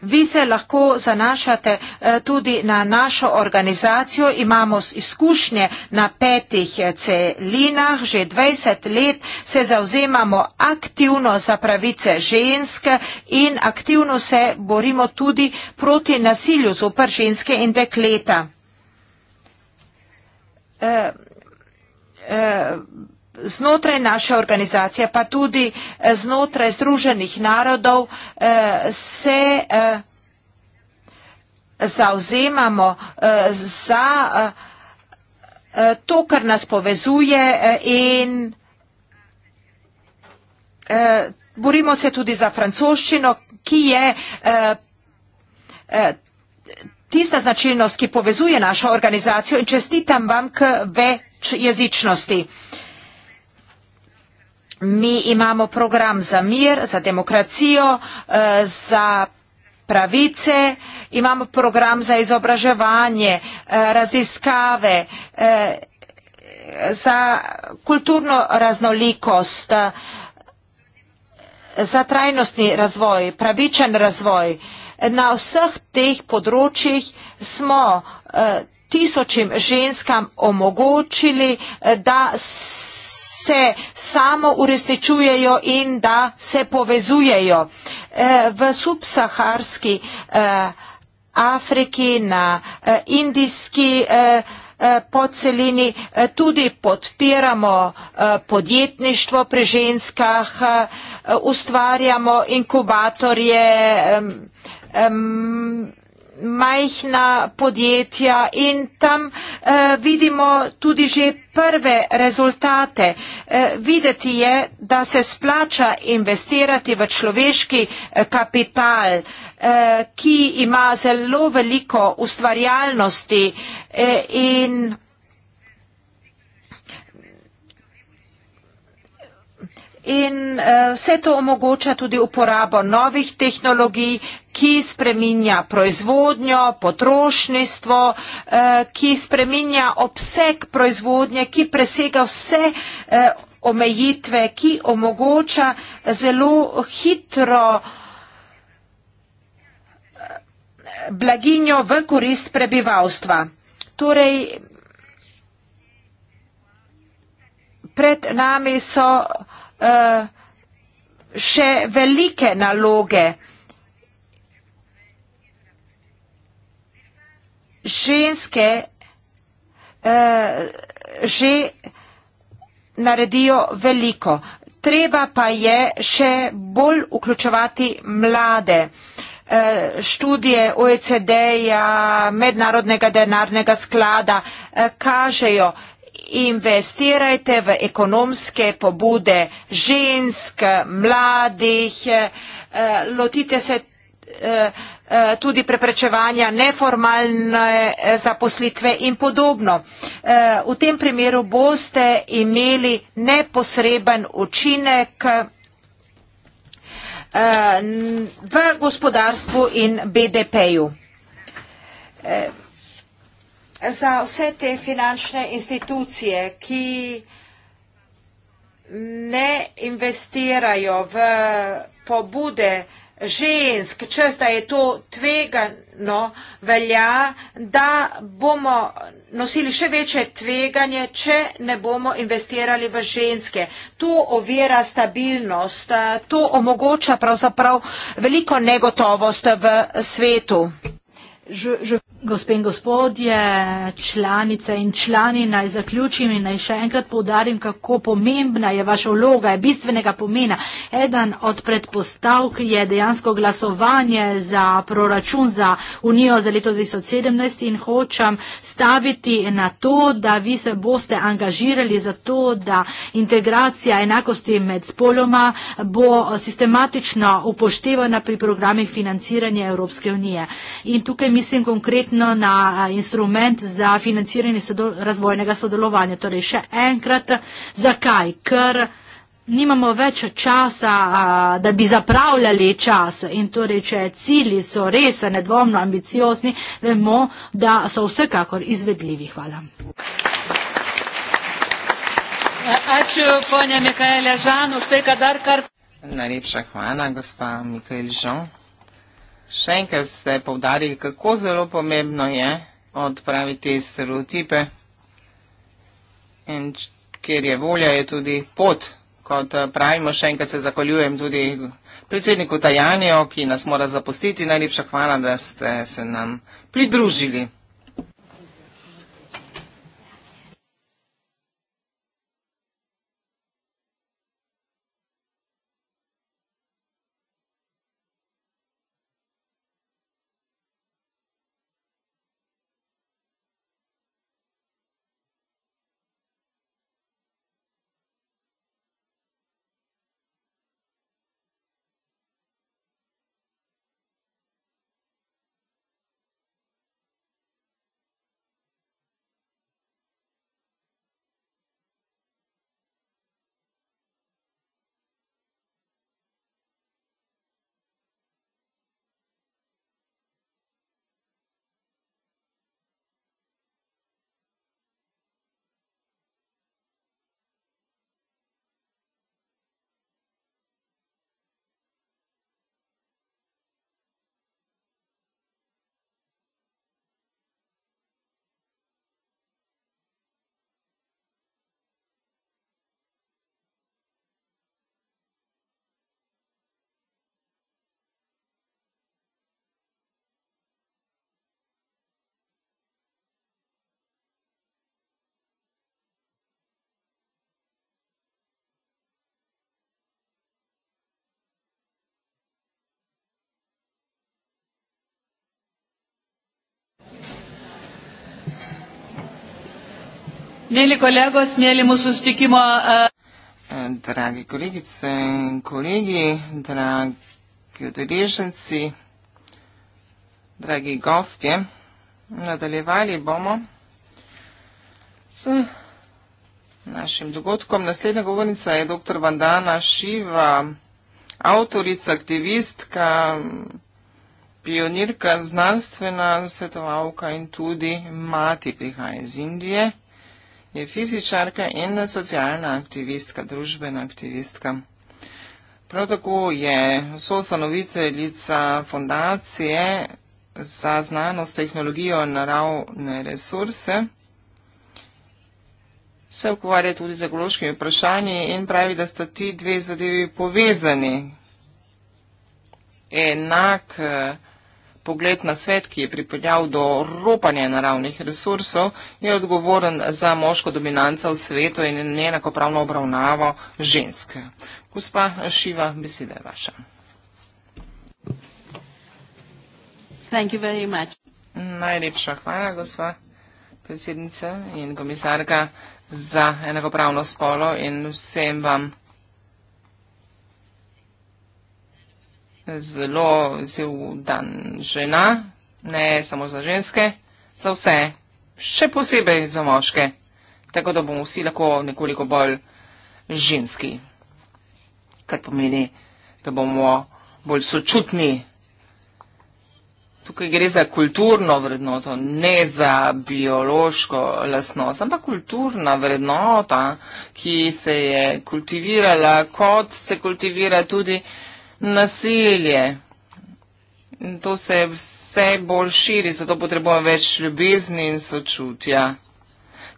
Speaker 1: Vi se lahko zanašate eh, tudi na našo organizacijo. Imamo izkušnje na petih eh, celinah. Že 20 let se zauzemamo aktivno za pravice žensk in aktivno se borimo tudi proti nasilju zopr ženske in dekleta. E, e, znotraj naše organizacije, pa tudi eh, znotraj Združenih narodov eh, se eh, zauzemamo za to, kar nas povezuje in borimo se tudi za francoščino, ki je tista značilnost, ki povezuje našo organizacijo in čestitam vam k večjezičnosti. Mi imamo program za mir, za demokracijo, eh, za pravice, imamo program za izobraževanje, eh, raziskave, eh, za kulturno raznolikost, za trajnostni razvoj, pravičen razvoj. Na vseh teh področjih smo tisočim ženskam omogočili, da se se samo uresničujejo in da se povezujejo. Eh, v subsaharski eh, Afriki, na eh, indijski podcelini tudi podpiramo podjetništvo pri ženskah, ustvarjamo inkubatorje majhna podjetja in tam eh, vidimo tudi že prve rezultate. Eh, videti je, da se splača investirati v človeški eh, kapital, eh, ki ima zelo veliko ustvarjalnosti eh, in in uh, vse to omogoča tudi uporabo novih tehnologij, ki spreminja proizvodnjo, potrošnjstvo, uh, eh, ki spreminja obseg proizvodnje, ki presega vse uh, omejitve, ki omogoča zelo hitro blaginjo v korist prebivalstva. Torej, pred nami so uh, še velike naloge. Ženske uh, že naredijo veliko. Treba pa je še bolj vključevati mlade. Eh, študije OECD-ja, mednarodnega denarnega sklada kažejo, investirajte v ekonomske pobude žensk, mladih, eh, eh, lotite se eh, tudi preprečevanja neformalne zaposlitve in podobno. V tem primeru boste imeli neposreben učinek v gospodarstvu in BDP-ju za vse te finančne institucije, ki ne investirajo v pobude žensk, čez da je to tvegano velja, da bomo nosili še večje tveganje, če ne bomo investirali v ženske. To ovira stabilnost, to omogoča pravzaprav veliko negotovost v svetu.
Speaker 2: Je, je... Gospe in gospodje, članice in člani, naj zaključim in naj še enkrat povdarim, kako pomembna je vaša vloga, je bistvenega pomena. Eden od predpostavk je dejansko glasovanje za proračun za Unijo za leto 2017 in hočem staviti na to, da vi se boste angažirali za to, da integracija enakosti med spoloma bo sistematično upoštevana pri programih financiranja Evropske unije. In tukaj mislim konkretno, trenutno na instrument za financiranje sodol razvojnega sodelovanja. Torej, še enkrat, zakaj? Ker nimamo več časa, da bi zapravljali čas in torej, če cilji so res nedvomno ambiciozni, vemo, da so vsekakor izvedljivi. Hvala. Ačiū, ponia Mikaelė Žan, už tai, kad dar kartą.
Speaker 3: Narypšak, Vana, gospa Mikaelė Žan. Še enkrat ste povdarili, kako zelo pomembno je odpraviti stereotipe. In kjer je volja, je tudi pot. Kot eh, pravimo, še enkrat se zakoljujem tudi predsedniku Tajanijo, ki nas mora zapustiti. Najlepša hvala, da ste se nam pridružili.
Speaker 2: Mėly kolegos, mėly mūsų stikimo. A... E,
Speaker 3: e, dragi kolegice, kolegi, dragi udeleženci, dragi gostje, nadaljevali bomo s našim dogodkom. Naslednja govornica je dr. Vandana Šiva, avtorica, aktivistka, pionirka, znanstvena svetovalka in tudi mati prihaja iz Indije je fizičarka in socialna aktivistka, družbena aktivistka. Prav tako je soustanoviteljica fundacije za znanost, tehnologijo in naravne resurse. Se ukvarja tudi z ekološkimi vprašanji in pravi, da sta ti dve zadevi povezani. Enak. Eh, pogled na svet, ki je pripeljal do ropanja naravnih resursov, je odgovoren za moško dominanco v svetu in neenakopravno obravnavo ženske. Gospa Šiva, beseda je vaša. Najlepša hvala, gospa predsednica in komisarka za enakopravno spolo in vsem vam. zelo zel dan žena, ne samo za ženske, za vse, še posebej za moške, tako da bomo vsi lahko nekoliko bolj ženski, kar pomeni, da bomo bolj sočutni. Tukaj gre za kulturno vrednoto, ne za biološko lasnost, ampak kulturna vrednota, ki se je kultivirala, kot se kultivira tudi uh, nasilje. In to se vse bolj širi, zato potrebujemo več ljubezni in sočutja.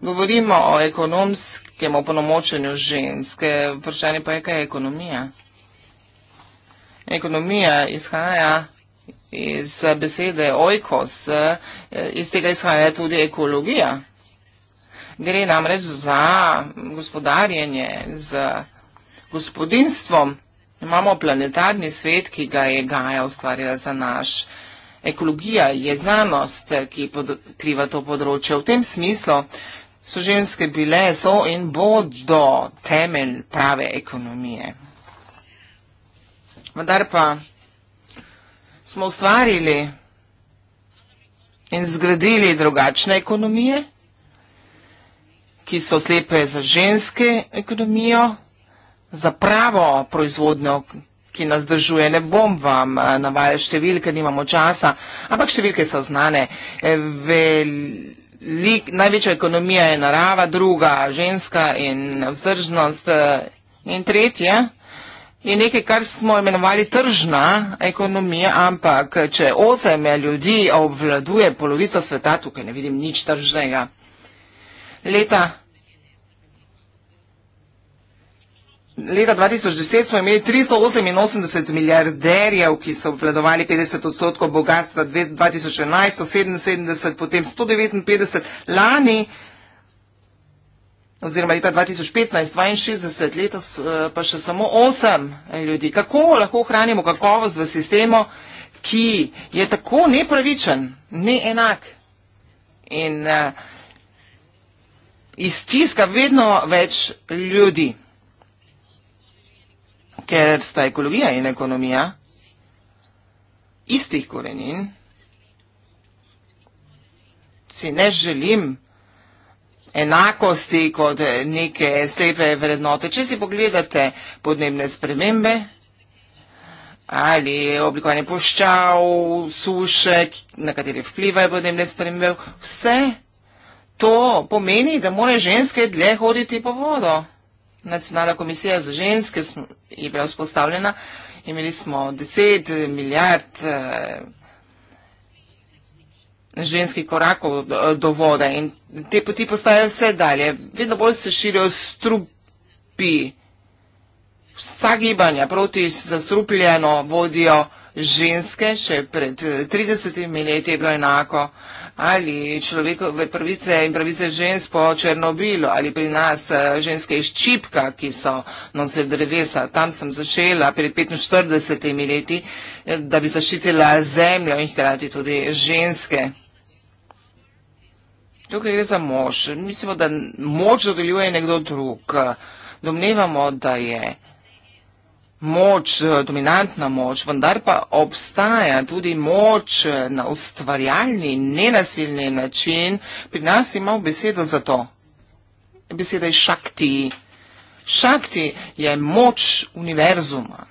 Speaker 3: Govorimo o ekonomskem opolnomočenju ženske, vprašanje pa je, kaj je ekonomija. Ekonomija izhaja iz besede ojkos, iz tega izhaja tudi ekologija. Gre namreč za gospodarjenje, za gospodinstvom. Imamo planetarni svet, ki ga je Gaja ustvarjala za naš. Ekologija je znanost, ki kriva to področje. V tem smislu so ženske bile, so in bodo temelj prave ekonomije. Vendar pa smo ustvarili in zgradili drugačne ekonomije, ki so slepe za ženske ekonomijo za pravo proizvodnjo, ki nas držuje. Ne bom vam eh, navajal številke, nimamo časa, ampak številke so znane. Eh, velik, največja ekonomija je narava, druga ženska in vzdržnost eh, in tretje. Je nekaj, kar smo imenovali tržna ekonomija, ampak če osem ljudi obvladuje polovico sveta, tukaj ne vidim nič tržnega. Leta leta 2010 smo imeli 388 milijarderjev, ki so obvladovali 50 odstotkov bogatstva, 2011 177, potem 159 lani, oziroma leta 2015, 62, letos eh, pa še samo 8 eh, ljudi. Kako lahko ohranimo kakovost v sistemu, ki je tako nepravičen, neenak in uh, iztiska vedno več ljudi? ker sta ekologija in ekonomija istih korenin, si ne želim enakosti kot neke slepe vrednote. Če si pogledate podnebne spremembe ali oblikovanje poščav, suše, na katere vplivajo podnebne spremembe, vse to pomeni, da more ženske dlje hoditi po vodo nacionalna komisija za ženske je bila vzpostavljena, imeli smo 10 milijard eh, ženskih korakov eh, do vode in te poti postajajo vse dalje. Vedno bolj se širijo strupi. Vsa gibanja proti zastrupljeno vodijo vodijo ženske še pred 30 eh, leti je bilo enako, ali človekove pravice in pravice žensk po Černobilu, ali pri nas eh, ženske iz Čipka, ki so nosile drevesa. Tam sem začela pred 45 leti, eh, da bi zaščitila zemljo in hkrati tudi ženske. Tukaj gre za mož. Mislimo, da moč dodeljuje nekdo drug. Domnevamo, da je moč, eh, dominantna moč, vendar pa obstaja tudi moč eh, na ustvarjalni, nenasilni način. Pri nas ima beseda za to. Beseda je šakti. Šakti je moč univerzuma.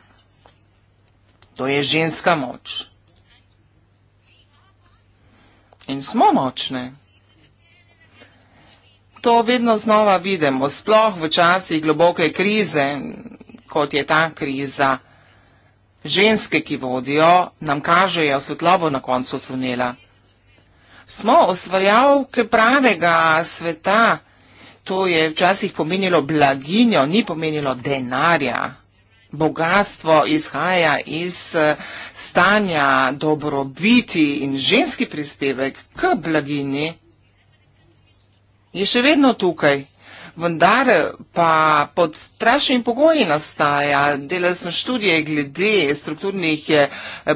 Speaker 3: To je ženska moč. In smo močne. To vedno znova vidimo, sploh v časih globoke krize kot je ta kriza. Ženske, ki vodijo, nam kažejo svetlobo na koncu tunela. Smo osvajalke pravega sveta. To je včasih pomenilo blaginjo, ni pomenilo denarja. Bogatstvo izhaja iz eh, stanja dobrobiti in ženski prispevek k blagini je še vedno tukaj, vendar pa pod strašnimi pogoji nastaja. Delal sem študije glede strukturnih eh,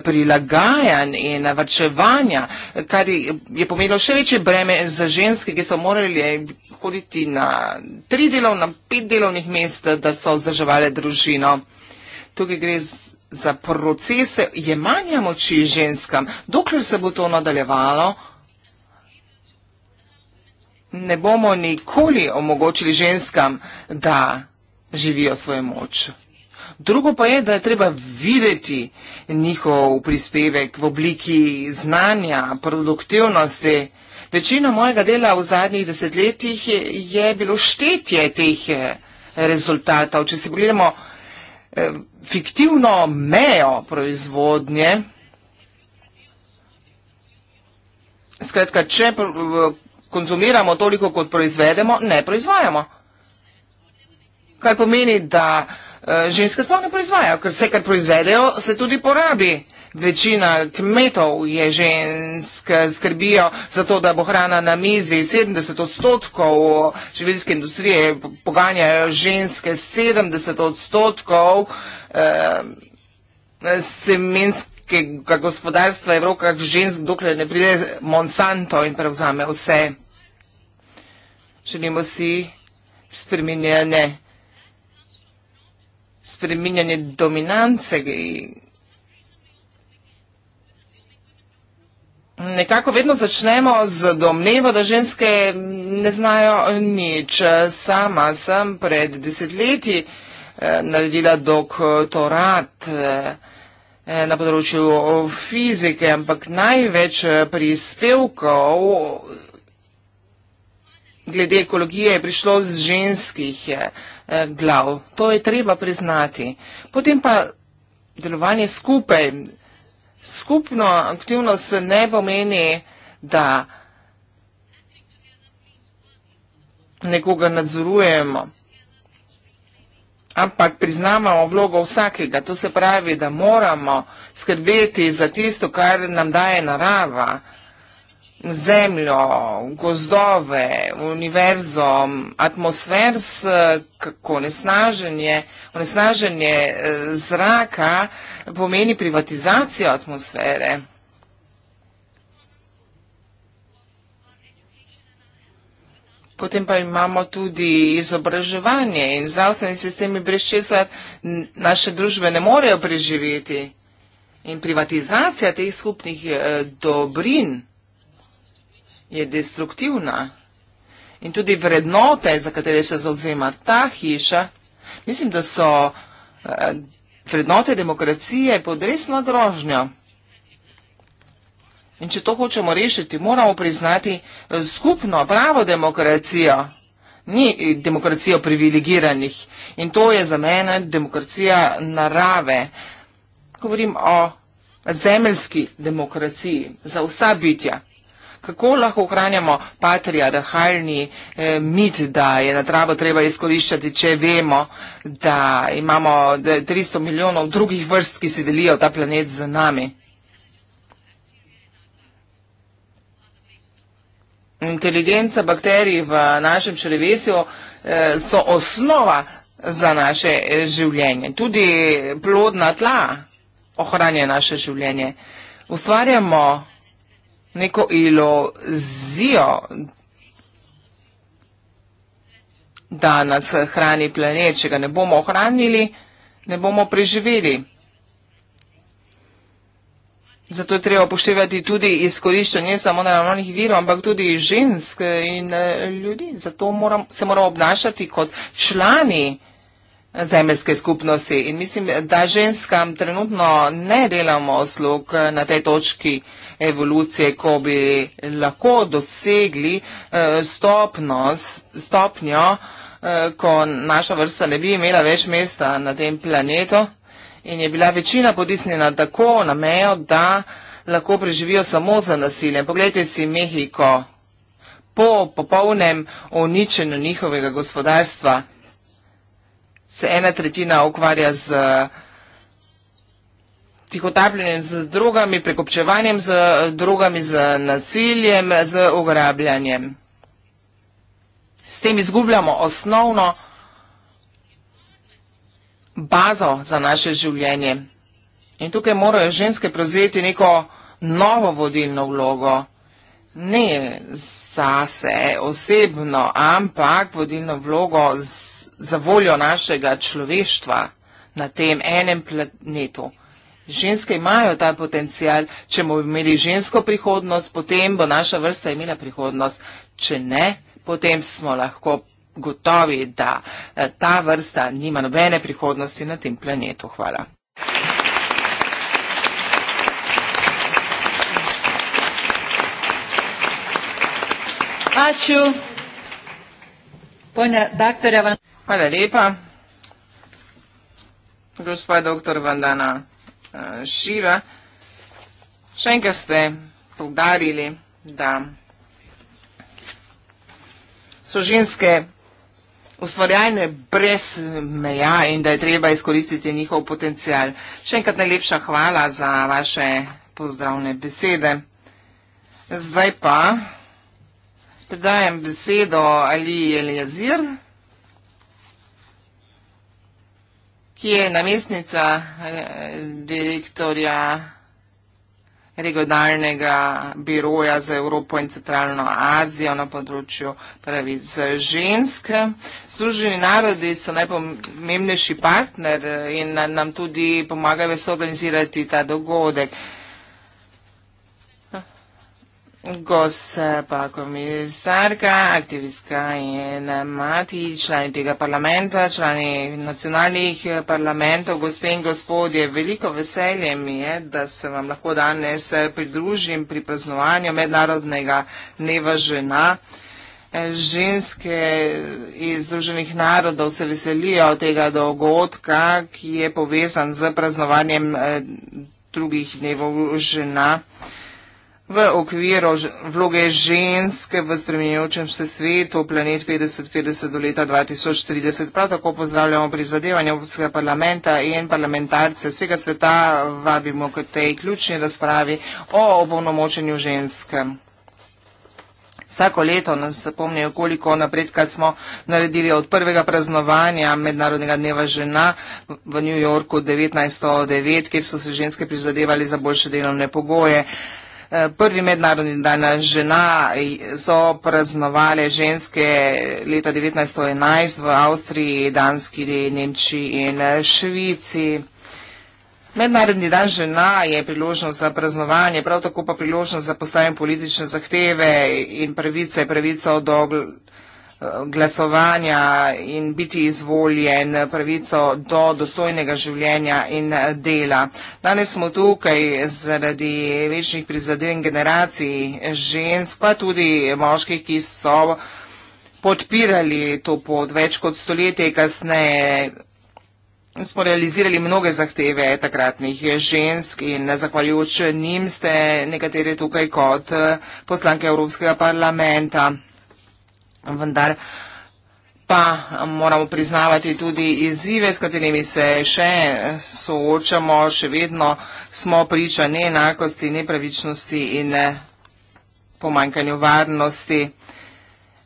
Speaker 3: prilagajanj in navrčevanja, kar je pomenilo še večje breme za ženske, ki so morali eh, hoditi na tri delovna, pet delovnih mest, da so vzdrževali družino. Tukaj gre za procese jemanja moči ženskam, dokler se bo to nadaljevalo ne bomo nikoli omogočili ženskam, da živijo svojo moč. Drugo pa je, da je treba videti njihov prispevek v obliki znanja, produktivnosti. Večino mojega dela v zadnjih desetletjih je bilo štetje teh eh, rezultatov. Če si pogledamo eh, fiktivno mejo proizvodnje, skratka, če konzumiramo toliko, kot proizvedemo, ne proizvajamo. Kaj pomeni, da eh, ženske sploh ne proizvajajo, ker vse, kar proizvedejo, se tudi porabi. Večina kmetov je žensk, skrbijo za to, da bo hrana na mizi. 70 odstotkov življenske industrije poganjajo ženske, 70 odstotkov eh, semenskega gospodarstva je v rokah žensk, dokler ne pride Monsanto in prevzame vse. Želimo si spreminjanje, spreminjanje dominance. Nekako vedno začnemo z domnevo, da ženske ne znajo nič. Sama sem pred desetletji eh, naredila doktorat eh, na področju fizike, ampak največ prispevkov glede ekologije je prišlo z ženskih eh, glav. To je treba priznati. Potem pa delovanje skupaj. Skupno aktivnost ne pomeni, da nekoga nadzorujemo, ampak priznamo vlogo vsakega. To se pravi, da moramo skrbeti za tisto, kar nam daje narava zemljo, gozdove, univerzo, atmosfers, kako onesnaženje, onesnaženje e, zraka pomeni privatizacijo atmosfere. Potem pa imamo tudi izobraževanje in zdravstveni sistemi brez česar naše družbe ne morejo preživeti. In privatizacija teh skupnih e, dobrin je destruktivna. In tudi vrednote, za katere se zauzema ta hiša, mislim, da so eh, vrednote demokracije pod resno grožnjo. In če to hočemo rešiti, moramo priznati eh, skupno pravo demokracijo, ni eh, demokracijo privilegiranih. In to je za mene demokracija narave. Govorim o zemeljski demokraciji za vsa bitja kako lahko ohranjamo patriarhalni eh, mit, da je naravo treba izkoriščati, če vemo, da imamo 300 milijonov drugih vrst, ki si delijo ta planet z nami. Inteligenca bakterij v našem črevesju eh, so osnova za naše eh, življenje. Tudi plodna tla ohranja naše življenje. Ustvarjamo neko ilozijo, da nas hrani planet, če ga ne bomo ohranili, ne bomo preživeli. Zato je treba upoštevati tudi izkoriščanje ne samo naravnih virov, ampak tudi žensk in eh, ljudi. Zato moram, se moramo obnašati kot člani zemeljske skupnosti. In mislim, da ženskam trenutno ne delamo slug eh, na tej točki evolucije, ko bi lahko dosegli eh, stopno, stopnjo, eh, ko naša vrsta ne bi imela več mesta na tem planetu in je bila večina potisnjena tako na mejo, da lahko preživijo samo za nasilje. Poglejte si Mehiko po popolnem uničenju njihovega gospodarstva se ena tretjina ukvarja z tihotapljenjem z drugami, prekopčevanjem z drugami, z nasiljem, z ugrabljanjem. S tem izgubljamo osnovno bazo za naše življenje. In tukaj morajo ženske prevzeti neko novo vodilno vlogo. Ne zase osebno, ampak vodilno vlogo z za voljo našega človeštva na tem enem planetu. Ženske imajo ta potencial, če bomo imeli žensko prihodnost, potem bo naša vrsta imela prihodnost. Če ne, potem smo lahko gotovi, da eh, ta vrsta nima nobene prihodnosti na tem planetu. Hvala.
Speaker 2: Ačiū. Pone daktare Van.
Speaker 3: Hvala lepa. Gospa dr. Vandana eh, Šiva, še enkrat ste povdarili, da so ženske ustvarjajne brez meja in da je treba izkoristiti njihov potencial. Še enkrat najlepša hvala za vaše pozdravne besede. Zdaj pa predajem besedo Aliji Eliazir. ki je namestnica eh, direktorja regionalnega biroja za Evropo in centralno Azijo na področju pravic žensk. Združeni narodi so najpomembnejši partner eh, in nam tudi pomagajo se organizirati ta dogodek. Gospa pa komisarka, aktivistka in mati, člani tega parlamenta, člani nacionalnih parlamentov, gospe in gospodje, veliko veselje mi je, da se vam lahko danes pridružim pri praznovanju Mednarodnega dneva žena. Ženske iz Združenih narodov se veselijo tega dogodka, ki je povezan z praznovanjem eh, drugih dnevov žena v okviru vloge ženske v spremenjujočem se svetu Planet 5050 do leta 2030. Prav tako pozdravljamo prizadevanje Evropskega parlamenta in parlamentarce vsega sveta, vabimo k tej ključni razpravi o obonomočenju ženske. Vsako leto nas spomnijo, koliko napredka smo naredili od prvega praznovanja Mednarodnega dneva žena v New Yorku 1909, kjer so se ženske prizadevali za boljše delovne pogoje. Eh, prvi mednarodni dan eh, žena eh, so praznovali ženske leta 1911 v Avstriji, Danski, Nemčiji in Švici. Mednarodni dan žena je priložnost za praznovanje, prav tako pa priložnost za postavljanje politične zahteve in pravice, pravico do glasovanja glasovanja in biti izvoljen pravico do dostojnega življenja in dela. Danes smo tukaj zaradi večjih prizadevanj generacij žensk, pa tudi moških, ki so podpirali to pot več kot stoletje kasneje. Smo realizirali mnoge zahteve takratnih žensk in zahvaljujoč njim ste nekatere tukaj kot poslanke Evropskega parlamenta vendar pa moramo priznavati tudi izzive, s katerimi se še soočamo, še vedno smo priča neenakosti, nepravičnosti in pomankanju varnosti.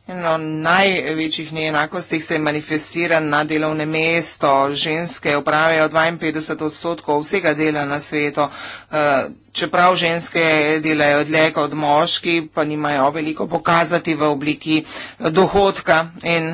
Speaker 3: Eno največjih neenakostih se manifestira na delovne mesto. Ženske upravijo 52 odstotkov vsega dela na svetu. Eh, čeprav ženske delajo dlje kot moški, pa nimajo veliko pokazati v obliki dohodka in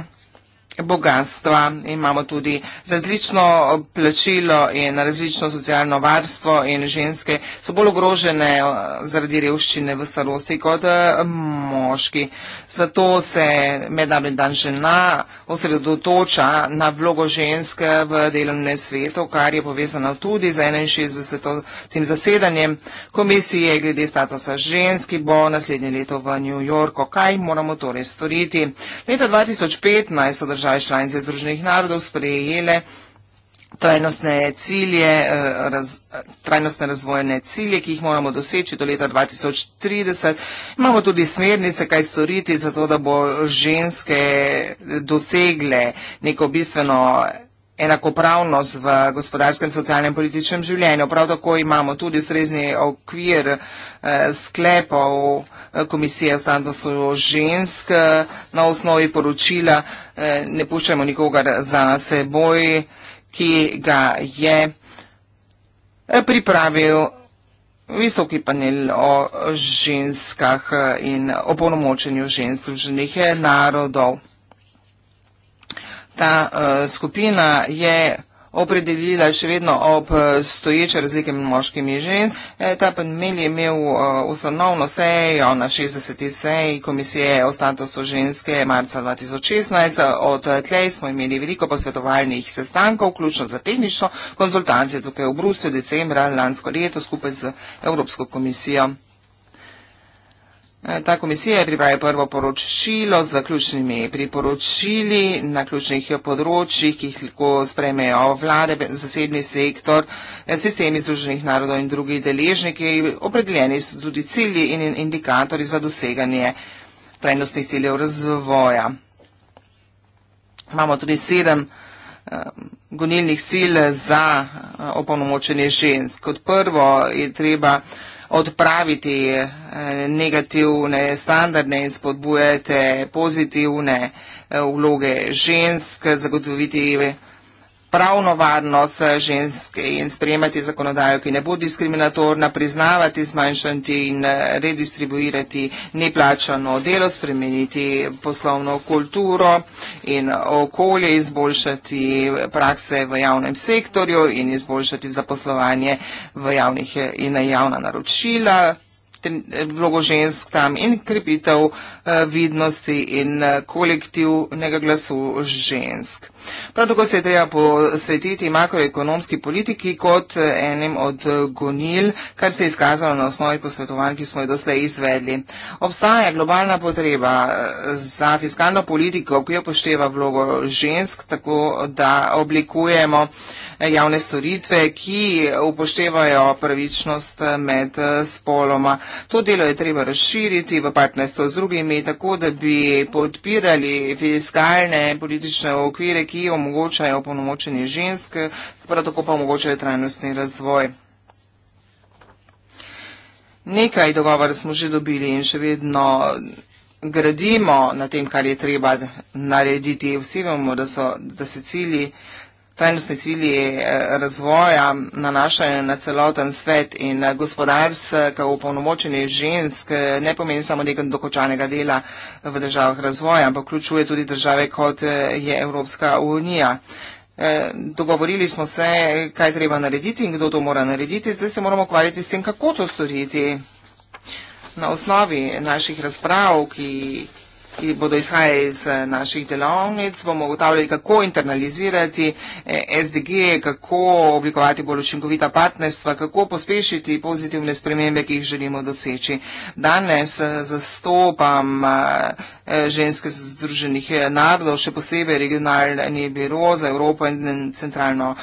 Speaker 3: bogatstva, imamo tudi različno plačilo in različno socialno varstvo in ženske so bolj ogrožene eh, zaradi revščine v starosti kot eh, moški. Zato se mednarodni dan žena osredotoča na vlogo ženske v delovnem svetu, kar je povezano tudi z 61. tim zasedanjem komisije glede statusa ženski bo naslednje leto v New Yorku. Kaj moramo torej storiti? Leta 2015 so države države članice Združenih narodov sprejele trajnostne cilje, eh, raz, trajnostne razvojne cilje, ki jih moramo doseči do leta 2030. Imamo tudi smernice, kaj storiti za to, da bo ženske dosegle neko bistveno enakopravnost v gospodarskem, socialnem, političnem življenju. Prav tako imamo tudi srednji okvir eh, sklepov eh, Komisije o statusu žensk eh, na osnovi poročila Ne puščajmo nikogar za seboj, ki ga je pripravil visoki panel o ženskah in o polnomočenju žensk v ženih narodov ta uh, skupina je opredelila še vedno ob e, stoječe razlike med moškimi in žensk. E, ta panel je imel ustanovno sejo na 60. seji Komisije o statusu ženske marca 2016. Od tlej smo imeli veliko posvetovalnih sestankov, vključno za tehnično konzultacijo tukaj v Bruslju decembra lansko leto skupaj z Evropsko komisijo. Eh, ta komisija je pripravila prvo poročilo z zaključnimi priporočili na ključnih področjih, ki jih lahko spremejo vlade, zasebni sektor, eh, sistemi združenih narodov in drugi deležniki. Opredeljeni so tudi cilji in indikatori za doseganje trajnostnih ciljev razvoja. Imamo tudi sedem eh, gonilnih sil za opolnomočenje žensk. Kot prvo je treba odpraviti eh, negativne standardne in spodbujate pozitivne eh, vloge žensk, zagotoviti pravno varnost žensk in sprejemati zakonodajo, ki ne bo diskriminatorna, priznavati, zmanjšati in eh, redistribuirati neplačano delo, spremeniti poslovno kulturo in okolje, izboljšati prakse v javnem sektorju in izboljšati zaposlovanje v javnih eh, in na javna naročila. Eh, vlogo žensk tam in krepitev eh, vidnosti in eh, kolektivnega glasu žensk. Prav tako se je treba posvetiti makroekonomski politiki kot enim od gonil, kar se je izkazalo na osnovi posvetovanj, ki smo jih doslej izvedli. Obstaja globalna potreba za fiskalno politiko, ki upošteva vlogo žensk, tako da oblikujemo javne storitve, ki upoštevajo pravičnost med spoloma. To delo je treba razširiti v partnerstvo z drugimi, tako da bi podpirali fiskalne politične okvire, ki omogočajo ponomočenje žensk, prav tako pa omogočajo trajnostni razvoj. Nekaj dogovor smo že dobili in še vedno gradimo na tem, kar je treba narediti. Vsi vemo, da, so, da se cilji trajnostni cilji eh, razvoja nanašajo na celoten svet in eh, gospodarsko upolnomočenje žensk eh, ne pomeni samo nekaj dokončanega dela v državah razvoja, ampak vključuje tudi države, kot je Evropska unija. Dogovorili smo se, kaj treba narediti in kdo to mora narediti, zdaj se moramo ukvarjati s tem, kako to storiti. Na osnovi naših razprav, ki jih ki bodo izhajali iz eh, naših delavnic, bomo ugotavljali, kako internalizirati eh, SDG, kako oblikovati bolj učinkovita partnerstva, kako pospešiti pozitivne spremembe, ki jih želimo doseči. Danes eh, zastopam ženske združenih narodov, še posebej regionalni biro za Evropo in centralno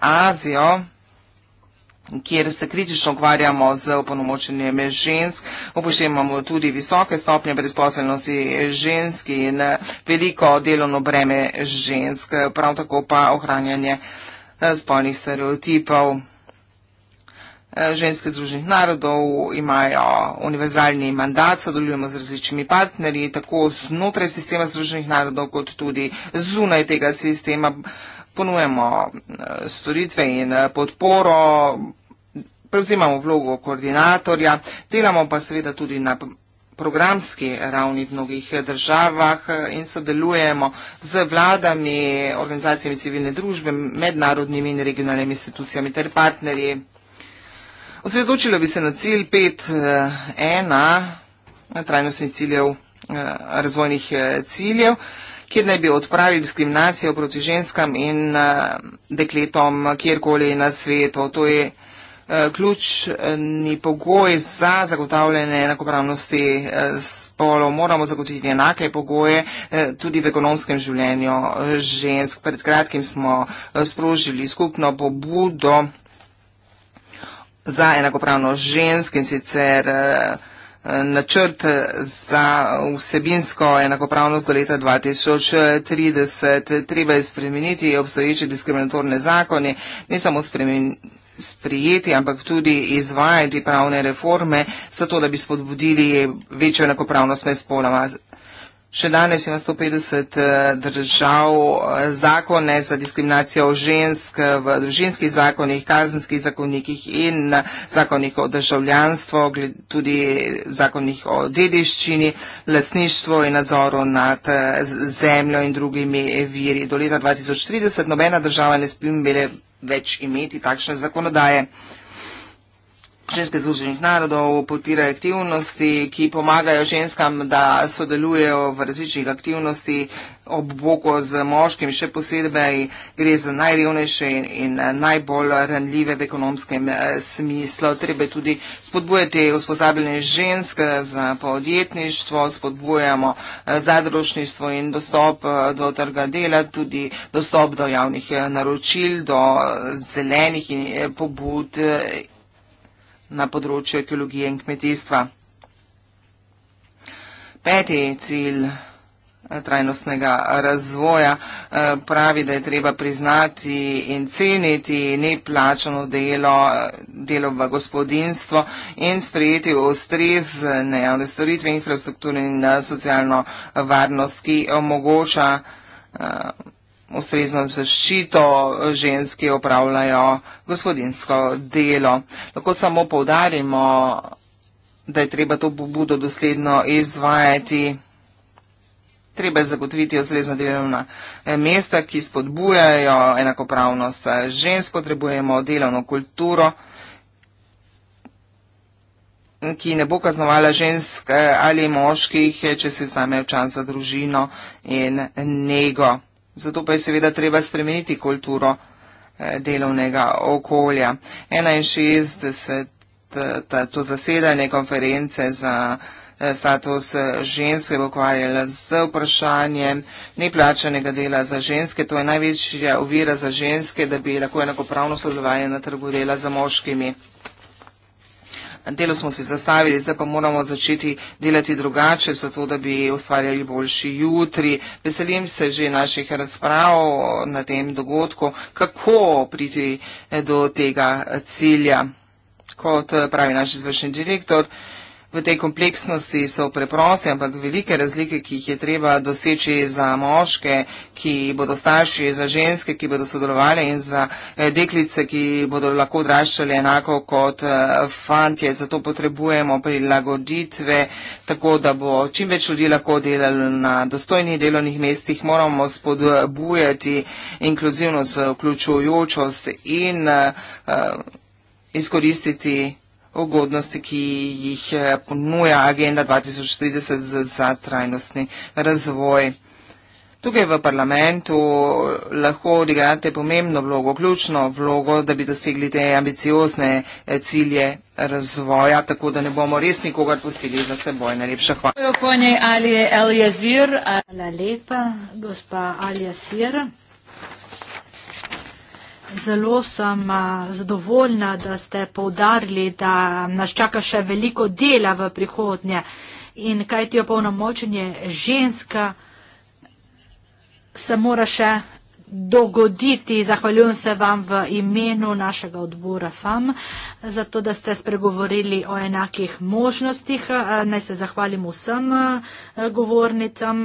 Speaker 3: Azijo kjer se kritično ukvarjamo z opolnomočenjem žensk, upoštevamo tudi visoke stopnje brezposelnosti žensk in veliko delovno breme žensk, prav tako pa ohranjanje eh, spolnih stereotipov. Eh, Ženske združenih narodov imajo univerzalni mandat, sodelujemo z različnimi partnerji, tako znotraj sistema združenih narodov, kot tudi zunaj tega sistema ponujemo eh, storitve in eh, podporo, prevzimamo vlogo koordinatorja, delamo pa seveda tudi na programski ravni v mnogih eh, državah in sodelujemo z vladami, organizacijami civilne družbe, mednarodnimi in regionalnimi institucijami ter partnerji. Osredotočilo bi se na cilj 5.1 trajnostnih ciljev, razvojnih ciljev kjer naj bi odpravili diskriminacijo proti ženskam in eh, dekletom kjerkoli na svetu. To je eh, ključni pogoj za zagotavljanje enakopravnosti eh, spolov. Moramo zagotoviti enake pogoje tudi v ekonomskem življenju žensk. Pred kratkim smo sprožili skupno pobudo za enakopravnost žensk in sicer načrt za vsebinsko enakopravnost do leta 2030. Treba je spremeniti obstoječe diskriminatorne zakone, ne samo sprijeti, ampak tudi izvajati pravne reforme, zato da bi spodbudili večjo enakopravnost med spoloma še danes ima 150 eh, držav eh, zakone za diskriminacijo žensk eh, v družinskih zakonih, kazenskih zakonikih in zakonih o državljanstvu, tudi zakonih o dediščini, lasništvu in nadzoru nad zemljo in drugimi viri. Do leta 2030 nobena država ne spim bile več imeti takšne zakonodaje. Ženske združenih narodov podpirajo aktivnosti, ki pomagajo ženskam, da sodelujejo v različnih aktivnosti ob boku z moškim, še posebej gre za najrevnejše in najbolj ranljive v ekonomskem eh, smislu. Treba je tudi spodbujati usposabljanje žensk za podjetništvo, spodbujamo eh, zadružništvo in dostop eh, do trga dela, tudi dostop do javnih naročil, do zelenih pobud na področju ekologije in kmetijstva. Peti cilj eh, trajnostnega razvoja eh, pravi, da je treba priznati in ceniti neplačano delo, eh, delo v gospodinstvo in sprejeti ostrez nejavne storitve, infrastrukturne in socialno varnost, ki omogoča ustrezno zaščito ženski opravljajo gospodinsko delo. Lahko samo povdarimo, da je treba to pobudo dosledno izvajati. Treba je zagotoviti ustrezna delovna eh, mesta, ki spodbujajo enakopravnost eh, žensk, potrebujemo delovno kulturo, ki ne bo kaznovala žensk eh, ali moških, če se vzamejo čas za družino in nego. Zato pa je seveda treba spremeniti kulturo eh, delovnega okolja. 61. to zasedanje konference za eh, status eh, žensk je ukvarjala z vprašanjem neplačanega dela za ženske. To je največja ovira za ženske, da bi lahko enakopravno sodelovanje na trgu dela za moškimi. Delo smo si zastavili, zdaj pa moramo začeti delati drugače, zato da bi ustvarjali boljši jutri. Veselim se že naših razprav na tem dogodku, kako priti eh, do tega cilja. Kot eh, pravi naš izvršni direktor, v tej kompleksnosti so preproste, ampak velike razlike, ki jih je treba doseči za moške, ki bodo starši, za ženske, ki bodo sodelovali in za eh, deklice, ki bodo lahko odraščali enako kot eh, fantje. Zato potrebujemo prilagoditve, tako da bo čim več ljudi lahko delalo na dostojnih delovnih mestih. Moramo spodbujati inkluzivnost, vključujočost in uh, izkoristiti ugodnosti, ki jih eh, ponuja agenda 2030 za trajnostni razvoj. Tukaj v parlamentu eh, lahko odigrate pomembno vlogo, ključno vlogo, da bi dosegli te ambiciozne eh, cilje razvoja, tako da ne bomo res nikogar pustili za seboj. Najlepša hvala.
Speaker 2: Hvala lepa, gospa Alija Sir zelo sem zadovoljna, da ste povdarili, da nas čaka še veliko dela v prihodnje in kaj ti opolnomočenje ženska se mora še dogoditi. Zahvaljujem se vam v imenu našega odbora FAM, zato da ste spregovorili o enakih možnostih. Naj se zahvalim vsem govornicam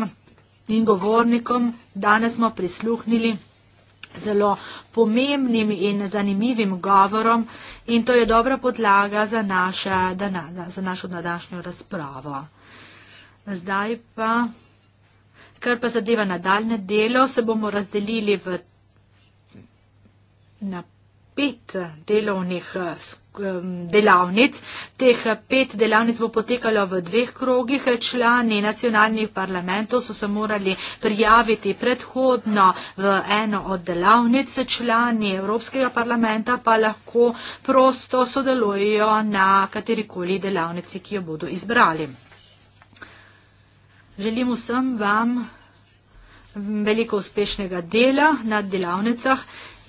Speaker 2: in govornikom. Danes smo prisluhnili zelo pomembnim in zanimivim govorom in to je dobra podlaga za, naša, za našo današnjo razpravo. Zdaj pa, kar pa zadeva nadaljne delo, se bomo razdelili v, na pet delovnih um, delavnic. Teh pet delavnic bo potekalo v dveh krogih. Člani nacionalnih parlamentov so se morali prijaviti predhodno v eno od delavnic. Člani Evropskega parlamenta pa lahko prosto sodelujo na katerikoli delavnici, ki jo bodo izbrali. Želim vsem vam veliko uspešnega dela na delavnicah.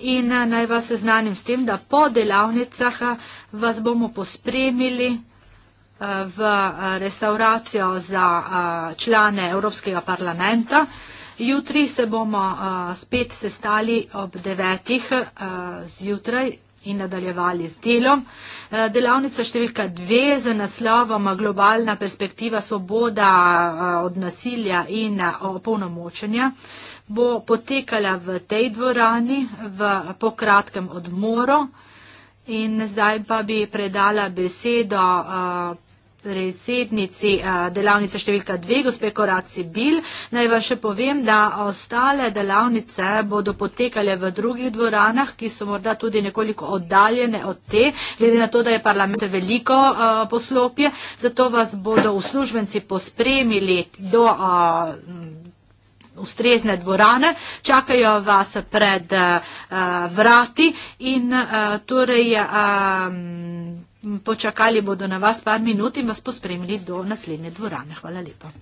Speaker 2: In eh, naj vas seznanim s tem, da po delavnicah eh, vas bomo pospremili eh, v restauracijo za člane Evropskega parlamenta. Jutri se bomo spet sestali ob devetih zjutraj in nadaljevali z delom. Eh, delavnica številka dve z naslovom Globalna perspektiva svoboda eh, od nasilja in eh, opolnomočenja bo potekala v tej dvorani v pokratkem odmoru. In zdaj pa bi predala besedo predsednici eh, delavnice številka 2, gospe Koraci Bil. Naj vam še povem, da ostale delavnice bodo potekale v drugih dvoranah, ki so morda tudi nekoliko oddaljene od te, glede na to, da je parlament veliko eh, poslopje, zato vas bodo uslužbenci pospremili do eh, ustrezne dvorane, čakajo vas pred uh, vrati in uh, torej uh, Počakali bodo na vas par minut in vas pospremili do naslednje dvorane. Hvala lepa.